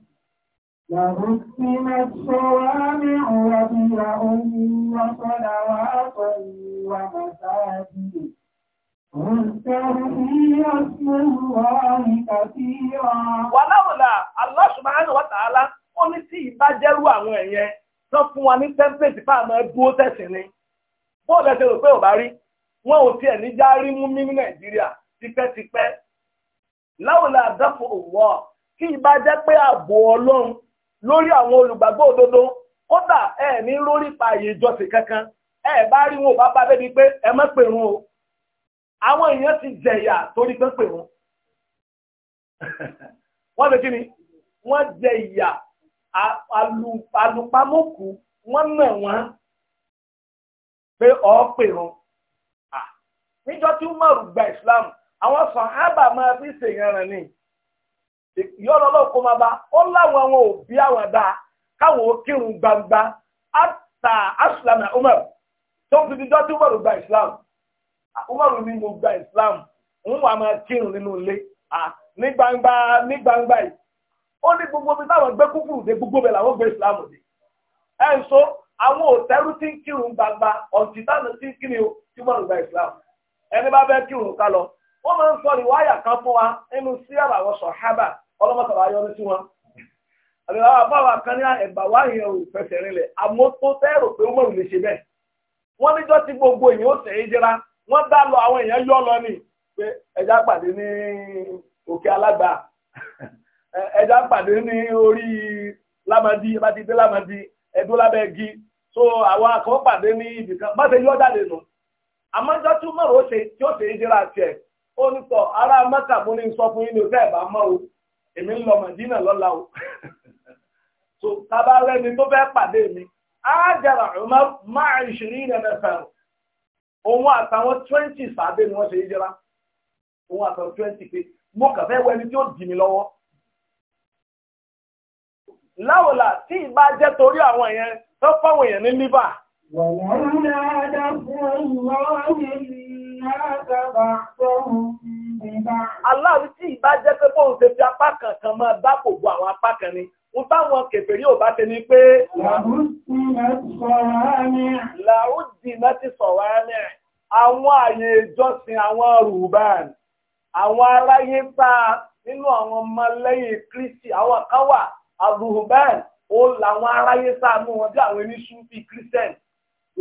Speaker 1: لهسمت صوامع وبيع وصلوات ومساجد اذكر في اسم الله كثيرا
Speaker 2: ولولا الله سبحانه وتعالى ó ní tí ìbájẹ́rú àwọn ẹ̀yẹn tán fún wa ní tẹ́ḿpẹ̀tì fáàmù ẹdúró tẹ̀sìn ni bóòlù ẹ̀sẹ̀ rò pé ò bá rí wọn ò tiẹ̀ ní já rí mú mí ní nàìjíríà tipẹ́tipẹ́ láwùlà àdáfò òwò kí ìbájẹ́ pé ààbò ọlọ́run lórí àwọn olùgbàgbọ́ òdodo kódà ẹ ní lórí pààyè ìjọsìn kankan ẹ bá rí wọn bá bá débi pé ẹ má pèrún o àwọn èèyàn ti jẹ̀yà torí pé pèrún wọ́n lè kí ni wọ́n jẹ ìyà alùpàmọ́kù wọ́n nà wọ́n pé ọ́ pèrún níjọ́ tí Umaru gba Islam àwọn sàhábà máa fi ṣèyàn rẹ̀ ni yọ̀rọ̀ ọlọ́run kó máa bá ó láwọn àwọn òbí àwọn àdá káwọn ó kírun gbangba àtà asùlámù umar tó fi di dọ́tí umaru gba islam umaru ni mo gba islam ń wà máa kírun nínú ilé ní gbangba ní gbangba yìí ó ní gbogbo mi táwọn gbé kúkúrú dé gbogbo mi làwọn gbé islam dé ẹ n so àwọn òtẹ́rù tí ń kírun gbangba ọ̀tí táwọn tí ń kiri o tí umaru gba islam ẹni bá fẹ́ kírun ká lọ wọ́n máa ń sọ ìwáyà kan fún wa nínú síyàrá àwọn sọ̀hábà ọlọ́mọsàlá yọ ní sí wọn. àbẹ̀wò àbáwá ní ẹ̀gbà ò fẹsẹ̀ rinlẹ̀ àmọ́ tó pé ó mọ̀rù lè ṣe bẹ́ẹ̀. wọ́n níjọ́ tí gbogbo èèyàn ó tẹ̀ wọ́n dá lọ àwọn èèyàn yọ lọ ni pé ẹja pàdé ní òkè alágbà ẹja pàdé ní orí ẹdún àwọn akọ́ pàdé ní ibìkan èmi ń lọ Màdínà lọ́la o so tábà rẹni tó fẹ́ pàdé mi ájára Umar máa ìṣirí ìrẹ̀lẹ̀ fẹ́ràn òun àtàwọn twenty sàbẹ̀ ni wọ́n ṣe é jẹ́ra òun àtàwọn twenty pé mo kàn fẹ́ wẹ́ni tí ó dì mí lọ́wọ́ láwòlà tí ìbá jẹ́ torí àwọn èèyàn tó fáwọn èèyàn ní líbà.
Speaker 1: wọ́n náà dáa fún ọlọ́run náà sábà tọ́hún aláàrú tí ìbá jẹ́ pé bóun ṣe fi apá kan
Speaker 2: kan máa bá kò bu àwọn apá kan ni mo táwọn kèfèrí ò bá ṣe ni pé. làúdì náà ti sọ̀rọ̀ ánẹ̀ àwọn àyè ìjọsìn àwọn rùbán àwọn aráyé bá nínú àwọn ọmọ lẹ́yìn kristi àwọn kan wà rùbán ó làwọn aráyé sáàmú wọn bí àwọn oníṣú bíi christian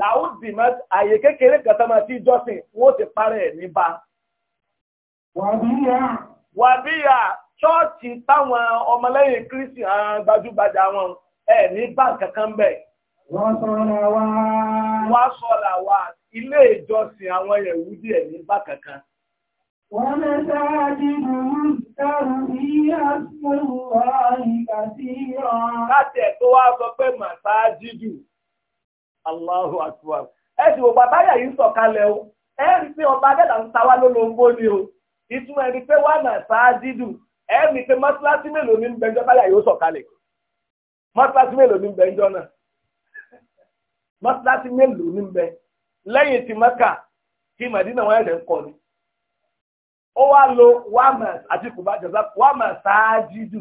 Speaker 2: làúdì náà àyè kékeré kan tó máa ti jọ́sìn wọ́n ti parẹ́ ní bá. wàbíyà ṣọ́ọ̀ṣì táwọn ọmọlẹ́yìn kristi àwọn gbajúgbajà wọn ẹ̀ ní báǹkì kan bẹ̀. wọ́n sọ̀rọ̀ wá. wá ilé ìjọsìn àwọn yẹ̀wúdí ẹ̀ ní báǹkì kan.
Speaker 1: wọ́n lè sáájú ìdùnnú ìtàrù yìí
Speaker 2: sọ pé jù yìí sọ̀kalẹ̀ o ń ọba ń o. ìtumọ̀ ẹni pé wà náà sáájídù ẹ̀mí pé mọ́sálásí mélòó ní bẹ́ńjọ́ báyà yóò sọ̀kalẹ̀ mọ́sálásí mélòó ní bẹ́ńjọ́ náà mọ́sálásí mélòó ní bẹ́ lẹ́yìn tí mẹ́kà tí màdínà wọn ẹ̀rẹ̀ ń kọ́ ni ó wá lo wàmẹ̀ àti kùbá jọ̀sá wàmẹ̀ sáájídù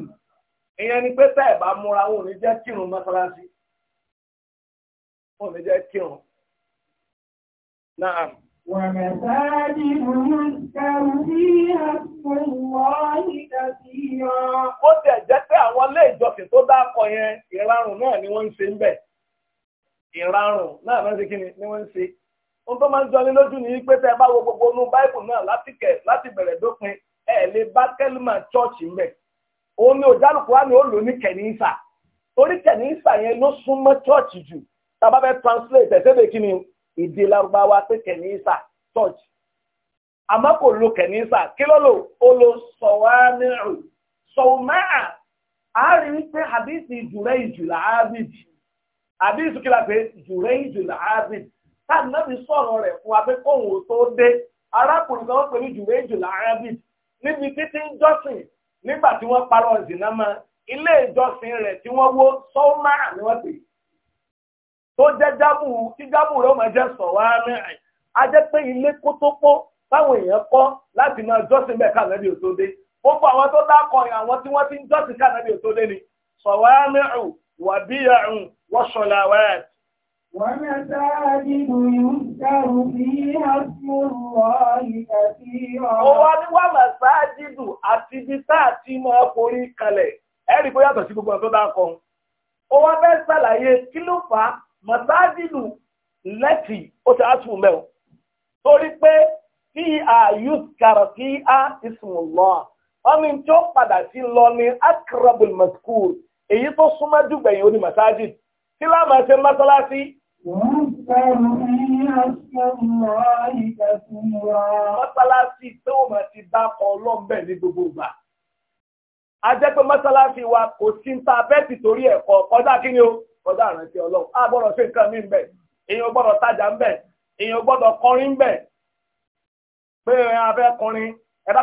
Speaker 2: ìyẹn ni pé tẹ́ ẹ̀ bá múra wọn ò ní jẹ́ kírun mọ́sálásí wọn ní jẹ́ kírun náà.
Speaker 1: ومساجد يذكر فيها اسم الله كثيرا
Speaker 2: ó tẹ̀ jẹ́ pé àwọn ilé ìjọsìn tó dákọ̀ yẹn ìrarùn náà ni wọ́n ń ṣe ń bẹ̀ ìrarùn náà máa kí ni wọ́n ń ṣe ohun tó máa ń jọni lójú ni pé tẹ́ ẹ bá wo gbogbo inú báìbù náà láti kẹ̀ láti bẹ̀rẹ̀ dópin ẹ lè bá kẹ́límà chọ́ọ̀chì ń bẹ̀ òun ni òjálùkù wa ni ó lò ní kẹ̀nísà torí kẹ̀nísà yẹn ló súnmọ́ chọ́ọ̀chì jù tá fẹ́ translate ẹ̀ sébè kí ni èdè lárúbáwá pé kẹ̀nísà church àmọ́ kò lo kẹ̀nísà kí ló lò ó lo sọ̀wánìrù sọ̀wọ́máà á rí wípé àdìsí ìjùrẹ́ ìjùlá ábìdì àdìsí kí la pé ìjùrẹ́ ìjùlá ábìdì táà nábì sọ̀rọ̀ rẹ̀ fún wa pé kóhùn tó dé arákùnrin kan pẹ̀lú ìjùrẹ́ ìjùlá ábìdì níbi títí ń jọ́sìn nígbà tí wọ́n parọ́ ìzìnà mọ́ ilé ìjọsìn rẹ̀ tí wọ́n wó sọ́ọ́mà ni wọ́n pè é tó jẹ́ jábù tí jábù rẹ̀ ọmọ jẹ́ sọ̀ wá mẹ́rin a jẹ́ pé ilé kó tó pọ̀ táwọn èèyàn kọ́ láti máa jọ́sìn bẹ́ẹ̀ kànáàbí òtóde gbogbo àwọn tó dákọ̀ yẹn àwọn tí wọ́n ti ń jọ́sìn kànáàbí òtóde ni sọ̀ wá mẹ́rin wà bí ẹ̀rùn wọ́ṣọ̀lá wẹ́ẹ̀t
Speaker 1: ومساجد يذكر فيها اسم الله كثيرا ó wá ní wà màsáàjìdù àti ibi tá a ti máa forí
Speaker 2: kalẹ̀ ẹ̀rí bóyá tọ̀ sí gbogbo ọ̀tọ́ dákọ̀ ó wá fẹ́ ṣàlàyé kí ló fà á mọ̀tàdínù lẹ́tì ó ti aṣù mẹ́wọ̀ torí pé kí a yóò kàrọ̀ kí a ismullah ọmọ tí ó padà sí lọ ní akrabul mazkur èyí tó súnmọ́ jù gbẹ̀yìn oní mọ̀tàdí kí láàmà ṣe mọ́sálásí. mọ́sálásí tó mọ̀ ti dákọ̀ ọlọ́m̀bẹ̀ ní gbogbo ìgbà a jẹ́ pé mọ́sálásí wa kò sí ń ta bẹ́ẹ̀ tìtorí ẹ̀kọ́ kọjá kí ni o. kọjá àrántí ọlọ́run á gbọ́dọ̀ ṣe nǹkan mí bẹ̀ èèyàn gbọ́dọ̀ tajà ń èèyàn gbọ́dọ̀ kọrin ń bẹ̀ pé a kọrin ẹ bá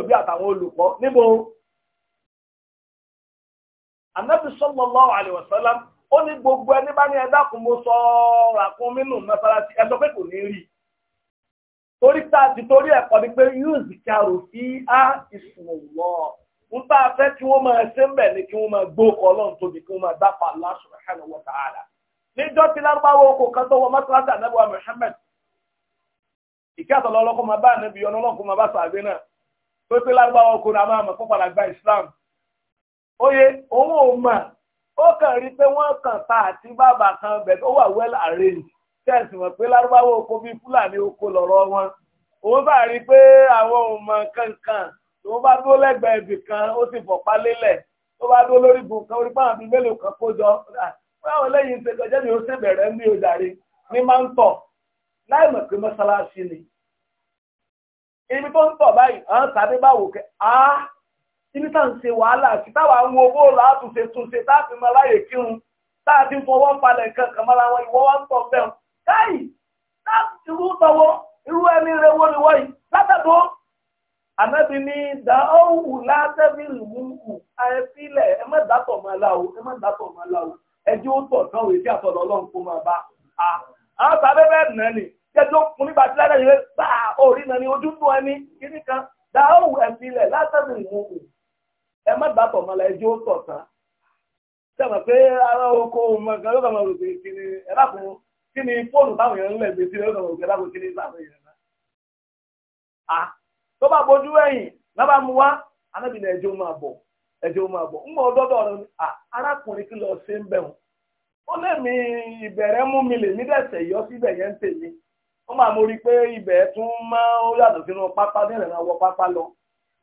Speaker 2: òbí àtàwọn olùkọ́ níbo. Ànábì gbogbo ẹni bá ní ẹ dákun mo sọ mínú ẹ sọ pé kò ní rí i ń bá a fẹ́ kí wọ́n máa ṣe ń bẹ̀ ni kí wọ́n máa gbó ọkọ̀ ọlọ́run tóbi kí wọ́n máa dápa Allah subhanahu wa ta'ala. níjọ́ tí lárúbáwọ̀ oko kan tó wọ mọ́sálásí ànábì wa ìkí àtọ̀lọ́ ọlọ́kùn máa bá ànábì ọ̀nà máa bá sàgbé náà tó pé lárúbáwọ̀ oko náà máa mọ̀ fọ́pàlà gba Islam. oye òun ò mà ó kàn rí pé wọ́n kàn ta àti bàbà kan bẹ̀ ó wà well arranged tẹ̀sí mọ̀ pé lárúbáwọ̀ oko bíi Fúlàní oko lọ̀rọ̀ wọn òun bá rí pé àwọn ò mọ̀ kankan tó bá dúró lẹ́gbẹ̀ẹ́ ibì kan ó sì fọ̀pá lélẹ̀ tó bá dúró lórí ibùn kan orí páwọn bíi mélòó kan kó jọ báwọn ah, lẹ́yìn ṣe kọjá mi ó ṣe bẹ̀rẹ̀ ní ojàre ní máa ń tọ̀ láì mọ̀ pé mọ́ṣáláṣí ni. ibi tó ń tọ̀ báyìí àwọn tàbí báwo ah, kẹ́ á ibi tá à ń ṣe wàhálà sí táwa ń wo bóòlù àtúnṣe túnṣe táàfin mọ láyè kírun táàfin fọwọ́ palẹ̀ kankan mọ́ra wọn ìwọ́ wa ń tọ̀ bẹ́ẹ̀ káyì táàfin irú tọwọ́ irú ẹni rẹ̀ wọ́n ni wọ́n yìí látàdó ànábì ní dá òwú látẹ́bí lùmùkù àìfilẹ̀ ẹ má dátọ̀ máa la o ẹ má dátọ̀ máa la o ẹjẹ́ ó tọ̀ tán òye tí àtọ̀dọ̀ ọlọ́run kó máa bá a. àwọn sábẹ́ bẹ́ẹ̀ nà ni jẹ́jọ́ fún nígbà tí ládàá yẹn bá a orí nà ni ojú tó ẹni kíní kan dá òwú ẹ̀filẹ̀ látẹ́bí lùmùkù ẹ má dátọ̀ máa la ẹjẹ́ ó tọ̀ tán. sẹ́mi pé ara oko ọmọ kan yóò kàn máa rò pé kíni ẹ̀dá kan kíni fóònù táwọn èèyàn ń lẹ̀ tó bá bójú ẹ̀yìn lábà mú wá anábì ní ẹjọ́ máa bọ̀ ẹjọ máa bọ̀ ńgbọ́n ọdọọdọ ọ̀rọ̀ ni arákùnrin kí lọ ṣe ń ó mi ìbẹ̀rẹ̀ mú mi lè mí yọ síbẹ̀ yẹn ń tèmi máa pé tún máa sínú pápá lọ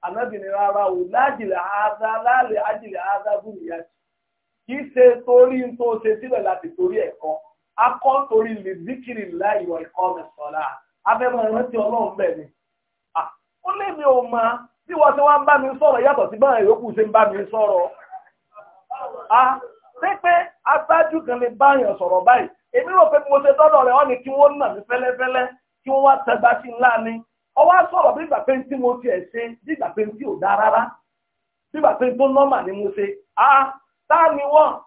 Speaker 2: anábì ní rárá o kì í ṣe torí ń tó ṣe láti torí zikiri láì wọ án ni ó lé mi ò máa bí wọ́n tí wọ́n ń bá mi sọ́rọ̀ yàtọ̀ sí báyìí kú ṣe ń bá mi sọ́rọ̀ a ṣé pé aṣáájú kan lè báyàn sọ̀rọ̀ báyìí èmi rò pé mo ṣe dọ́dọ̀ rẹ̀ wọ́n ni kí wọ́n nà mí fẹ́lẹ́fẹ́lẹ́ kí wọ́n wá tẹgbà sí ńlá ni ọwọ́ sọ̀rọ̀ bí ìgbà pé tí mo ṣe bí ìgbà pé tí ò dá rárá bí a tá ni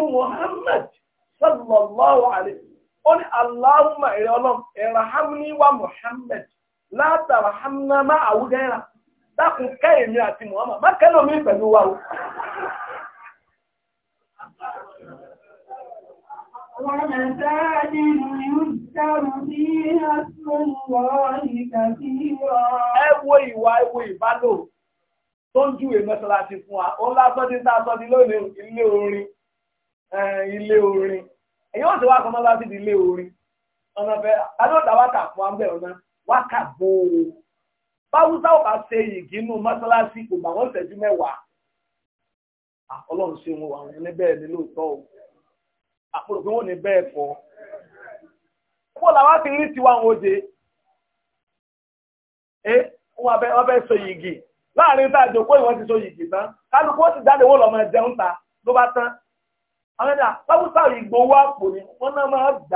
Speaker 2: Muhammad ni ó ní aláhùnmá ẹ̀rẹ́ ọlọ́run ẹ̀rọ̀hámúní wa Muhammad látara hamna má dákun kẹ́yìnmí àti Muhammad má kẹ́lò mí pẹ̀lú wa o. Ẹ wo ìwà ẹ wo ìbálò tó ń júwe mẹ́sàlá ti fún wa, ó lásán ní lónìí ilé orin. Ilé orin. èyàn ó sì wá kọ́ mọ́ di ilé ori ọ̀nà fẹ́ adóòtà wákà fún abẹ́ ọ̀nà wákà bóo báwùsá ò bá ṣe ìgínú mọ́sálásí kò bá wọ́n ṣẹ́jú mẹ́wàá ọlọ́run ṣe wọn àwọn ni o ní bẹ́ẹ̀ kó làwọn ti rí tiwa ẹ wọn wọn láàrin a jòkó ti so yìgì tán kálukú ó ta ló bá àwọn ẹ̀dá pápúsà ìgbowó ni wọ́n náà máa á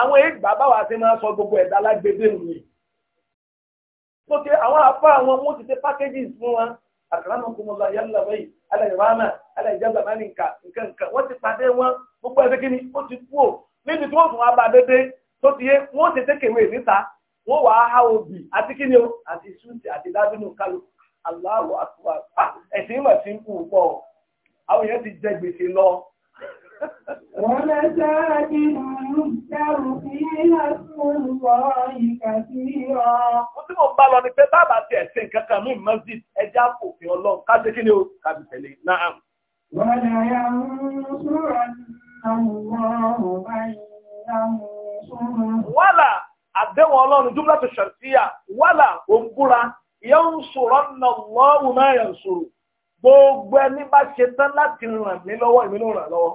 Speaker 2: àwọn ìgbà báwa ti máa sọ gbogbo ẹ̀dá alágbèdè mi. lókè àwọn afá àwọn wọn ti ṣe packages fún wa àkàràmọ̀ kò mọ̀ lọ yálà báyìí ní nǹkan nǹkan ti pàdé wọn gbogbo ẹ̀dẹ́ ni ó ti kú ò níbi tí wọ́n fún wa bá dédé tó ti yé ti níta wàá há àti o àti sùúrù àti dábìnú kálukú aláwọ̀ àtúwà ìmọ̀ ń lọ
Speaker 1: ومساجد يذكر فيها اسم الله كثيرا Mo
Speaker 2: tí mo bá lọ ni pé bàbá ti ẹ̀sìn kankan mú ìmọ̀síd ẹja fòfin ọlọ́run ká ṣe kí ni o kàbí tẹ̀lé náà. ọlọ́run jùmọ́ tó ṣàtíyà wàlà òǹbúra yóò ń sọ̀rọ̀ nà lọ́wọ́ náà yẹn Gbogbo ẹni bá ṣe tán láti ràn mí lọ́wọ́ ìmínú ràn lọ́wọ́.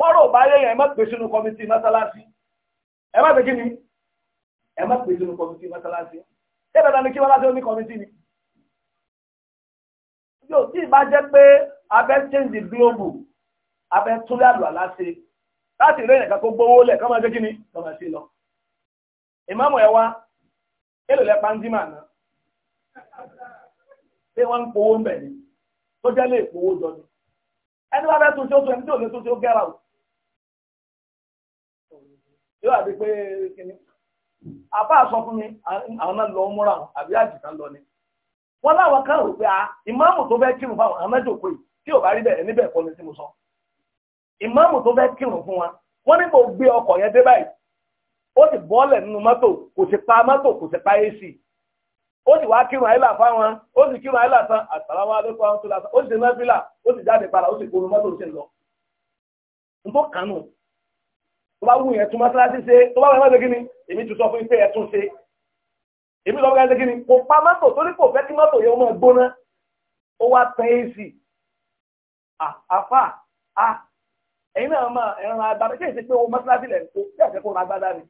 Speaker 2: fọ́rọ̀ bá yẹ yẹn ẹ má pè sínú kọmitì mọ́sálásí ẹ má pè kí ni ẹ má pè sínú kọmitì mọ́sálásí ṣé dandan ni kí wọ́n láti ó ní kọmitì ni. yóò tí ì bá jẹ́ pé abẹ́ change the globe abẹ́ túnlẹ̀ àlọ́ àláṣe láti ìlú ìyẹ̀ká kó gbówó lẹ̀ kọ́ máa ṣe kí ni kọ́ máa ṣe lọ. ìmáàmù ẹ wá èlò lẹ pandima náà ṣé wọ́n ń powó ń bẹ̀ ni tó jẹ́ lè powó ẹni wá fẹ́ tún ṣe ó ẹni tí ò lè tún ṣe ó gẹ́ra o. yóò àbí pé kíni àbá sọ fún mi àwọn náà lọ múra wọn àbí àjìká lọ ni wọn láwọn kan rò pé a ah, ìmáàmù tó fẹ́ kírun fáwọn àwọn pé tí ò bá rí bẹ́ẹ̀ níbẹ̀ kọ́ ni tí mo sọ ìmáàmù tó fẹ́ kírun fún wa wọ́n ní gbé yẹn ti bọ́ọ̀lẹ̀ nínú mọ́tò kò sì pa mọ́tò kò sì pa ac ó sì wá kírun àyílà fáwọn ó sì kírun tán àwọn tó lásán ó sì ṣe ó sì jáde padà ó sì kó tó bá wù yẹn tún mọ́sálásí ṣe tó bá wù yẹn má ṣe kí ni èmi tún sọ fún ife ẹ̀tún ṣe èmi sọ fún ẹ̀ṣẹ́ kí ni kò pa mọ́tò torí kò fẹ́ kí mọ́tò yẹn máa gbóná ó wá tán ac àfà a ẹ̀yin náà máa ẹ̀ràn agbada kí èsì pé owó mọ́sálásí lẹ̀ ń kó bí àṣẹ kó ra agbada ni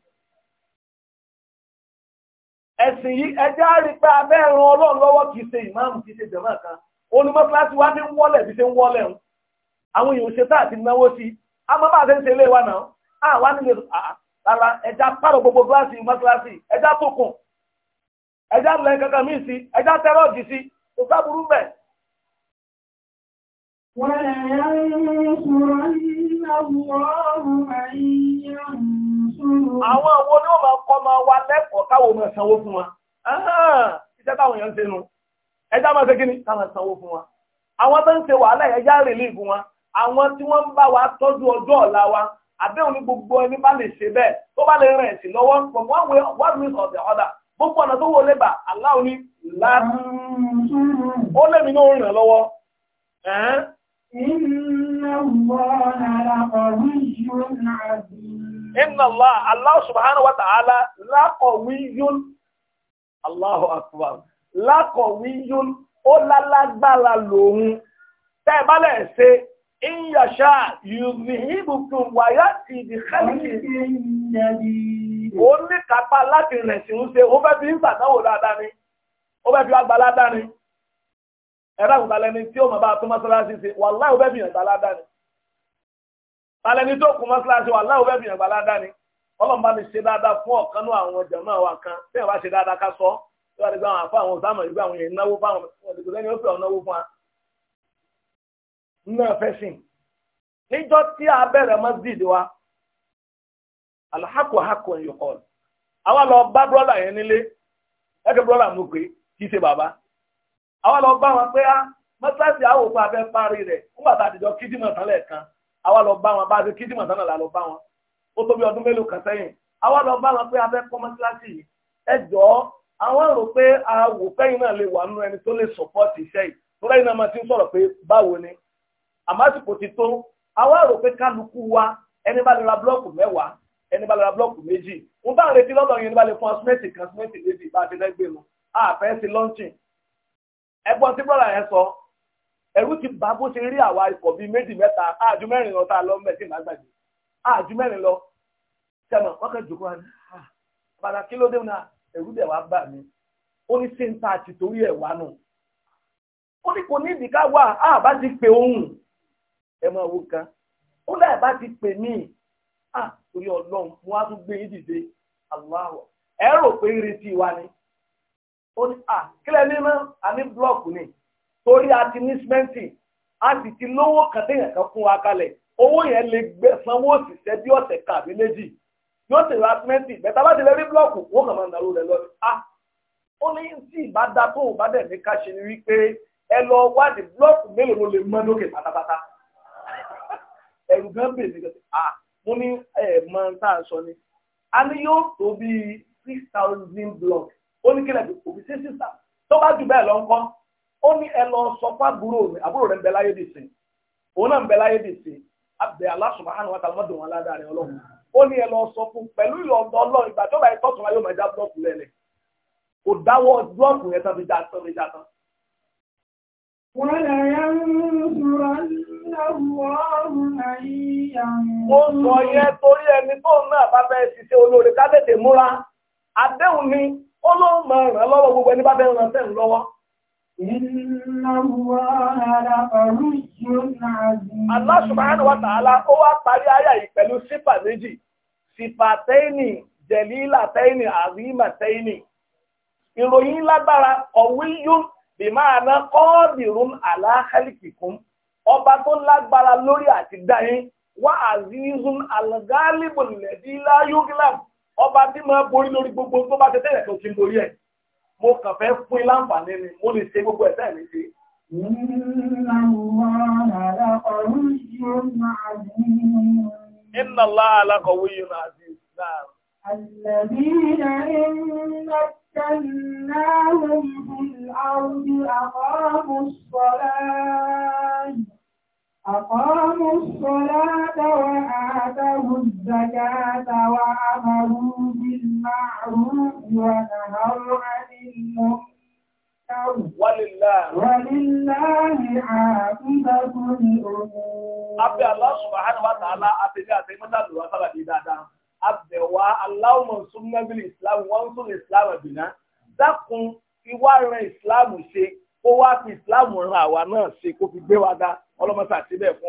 Speaker 2: ẹ̀sìn yìí ẹjẹ́ á rí pé abẹ́rún ọlọ́run lọ́wọ́ kìí ṣe ìmáàmù kìí ṣe jẹ̀mọ́ kan olùmọ́síláṣí wá ní wọ́lẹ̀ bí ṣe ń wọ́lẹ̀ ń àwọn èèyàn ṣe táà náwó sí i a máa bá a ṣe ń ṣe ilé wa náà àwa ah, nílé ah, ah, rárá ẹja pààrọ̀ gbogbo gíláàsì mọ́síláàsì ẹja tókùn ẹja lẹ́yìn kankan míì sí ẹja tẹ́rọ̀dì sí kò sábúrú mẹ́.
Speaker 1: wọ́n lè yẹ́ sọ̀rọ̀ nínú ọ̀rùn àyíyàn àwọn àwọn
Speaker 2: ni wọ́n máa kọ́ máa wá lẹ́kọ̀ọ́ káwọn ọmọ ìsanwó fún wa iṣẹ́ táwọn èèyàn ń ṣe nu ẹjá máa ṣe kí ni káwọn ìsanwó fún wa àwọn tó ń ṣe wàhálà ẹjá rìlíìfù wa àwọn tí wọ́n ń bá wa tọ́jú ọjọ́ ọ̀la wa àbẹ́wò ní gbogbo ẹni bá lè ṣe bẹ́ẹ̀ tó bá lè rìn sí lọ́wọ́ from one way one way or the other gbogbo ọ̀nà tó wọlé bá aláwọ̀ ní láti
Speaker 1: ó lẹ́mi náà rìn lọ́wọ́.
Speaker 2: Inna Allah, Allah subhanahu wa ta'ala, laqawiyyun, Allahu akbar, laqawiyyun, ó lálágbára lòun, tẹ́ bá lè ṣe إن يشاء يذهبكم ويأتي بخلق جديد ó ní kápá láti rìn sí ń ṣe ó fẹ́ fi ń sàtánwò dáadáa ni ó fẹ́ fi wá gba aládàá ni ẹ̀rọ àgùntà lẹni tí ó máa bá tó mọ́ṣáláṣí ṣe wàláhì ó fẹ́ fi hàn gba aládàá ni balẹ̀ni tó kù mọ́ṣáláṣí wàláhì ó fẹ́ fi hàn gba aládàá ni ọlọ́run bá mi ṣe dáadáa fún ọ̀kan náà àwọn jàmáà wa kan bí wọ́n bá ṣe dáadáa ká sọ ọ́ bí wọ́n ti gbé àwọn àfọ àwọn òṣàmọ̀ ìgbé àwọn èèyàn náà fẹ́ tí a bẹ̀rẹ̀ masjid wa alhakohako yòkọ́l àwa lọ bá brọ́là yẹn nílé ẹ̀kẹ́ brọ́là mú pé kì í ṣe bàbá àwa lọ bá wọn pé ah, parí a dìjọ tán lẹ́ẹ̀kan àwa lọ bá wọn bá tán lọ bá wọn ó ọdún mélòó kan sẹ́yìn àwa lọ bá wọn pé abẹ́ kọ́ mọ́sáàsì yìí ẹ jọ̀ọ́ àwọn rò pé àwòkẹ́yìn náà lè wà nínú ẹni tó lè àmọ́ àsìkò ti tó àwa rò pé kálukú wa ẹni bá lè ra búlọ́ọ̀kù mẹ́wàá ẹni bá lè ra búlọ́ọ̀kù méjì ń bá retí lọ́dọ̀ yẹn ni bá lè fún ọsùmẹ́tì kan sùmẹ́tì méjì bá a ti lẹ́gbẹ́ mu àfẹ́ sí lọ́ńchìn ẹgbọ́n tí bọ́lá yẹn sọ ẹ̀rú ti bá bó ṣe rí àwa ikọ̀ bíi méjì mẹ́ta àjù mẹ́rin lọ tá a lọ mẹ́tì lágbàdì àjù mẹ́rin lọ sẹ́mọ̀ wọ́n kàn jòkó àná padà kí ló dé náà ẹ̀rú dẹ̀ wá bà mí ó ní sí ń ta àti ẹ̀ wá nù ó ní kò ní ìdíkà wà á bá ti ẹ máa wo kan ó láì bá ti pè mí à ah, torí ọlọ́run mo wá tún gbé yín dìde aláwọ̀ ẹ rò pé ìrètí wa ni ó ní à ah, kílẹ̀ nínú àní búlọ̀kù ni torí a ti ní símẹ́ǹtì a sì ti lówó kan téèyàn kan fún wa kalẹ̀ owó yẹn lè sanwó òṣìṣẹ́ bí ọ̀sẹ̀ kan àbí méjì yóò tẹ̀lé asimẹ́ntì bẹ̀tà bá tẹ̀lé rí blọ́ọ̀kù wọ́n kàn máa ń darú rẹ̀ lọ. Ah, ó ní tí ìbá da tó ò bá dẹ̀ ní ká ṣe ni wípé ẹ lọ wádìí blọ́ọ̀kù mélòó ló lè mọ́ lókè pátápátá ẹ̀rù gan bèèrè gẹ́gẹ́ à mo ní ẹ̀ mọ tá a sọ ni a ní yóò tó bí six thousand block ó ní kílẹ̀ kò fi sí sísà tó bá jù bẹ́ẹ̀ lọ ń kọ́ ó ní ẹ lọ sọ fún àbúrò mi àbúrò rẹ̀ ń bẹ láyé dìsìn òun náà ń bẹ láyé dìsìn abẹ Allah subhanahu wa ta'ala mọ́tò wọn ládàá rẹ̀ ọlọ́run ó ní ẹ lọ sọ fún pẹ̀lú ìlọ́ọ̀dọ́ ọlọ́run ìgbà tó bá yẹ tọ́tún ayé ọmọ ẹja blọọkù lẹ́lẹ̀ kò dáwọ́ blọọkù yẹn tán fi já tán fi já tán.
Speaker 1: wọ́n lè yẹn ń sọ̀rọ̀ Mo sọ yẹn
Speaker 2: torí ẹni tó náà bá fẹ́ ṣiṣẹ́ olóore ká tètè múra. Àdéhùn ni ó ló ń máa ràn lọ́wọ́ gbogbo ẹni bá fẹ́ ràn sẹ́yìn lọ́wọ́.
Speaker 1: Allah subhanahu wa ta'ala ó
Speaker 2: wá parí àyà yìí pẹ̀lú sípà méjì. Sípà tẹ́yìnì, jẹ̀lílà tẹ́yìnì, àríma tẹ́yìnì. Ìròyìn lágbára ọ̀wí yún bí ọba tó lágbára lórí àti dáyín wá àzízun àlọ́gálìbò lẹ́bí láyúgílàm ọba tí máa borí lórí gbogbo tó bá tẹ́tẹ́ rẹ̀ tó ti borí ẹ̀ mo kàn fẹ́ fún ilá àǹfààní ni mo lè ṣe
Speaker 1: gbogbo ẹ̀sẹ̀ mi ṣe.
Speaker 2: Inna Allah alákọ̀wé yìí náà àti náà.
Speaker 1: الذين إن مكناهم في الأرض أقاموا الصلاة وآتوا الزكاة وأمروا بالمعروف ونهوا عن المنكر ولله ولله عاقبة الأمور أبي الله
Speaker 2: سبحانه وتعالى أتجاه تيمتا الوصل بإدادا أبي اللهم انصرنا بالإسلام وانصر الإسلام بنا dákun ìwà rẹ̀ ìsìláàmù kó wá fi islam ran àwa náà ṣe kó fi gbé wa dá ọlọ́mọta síbẹ̀ fún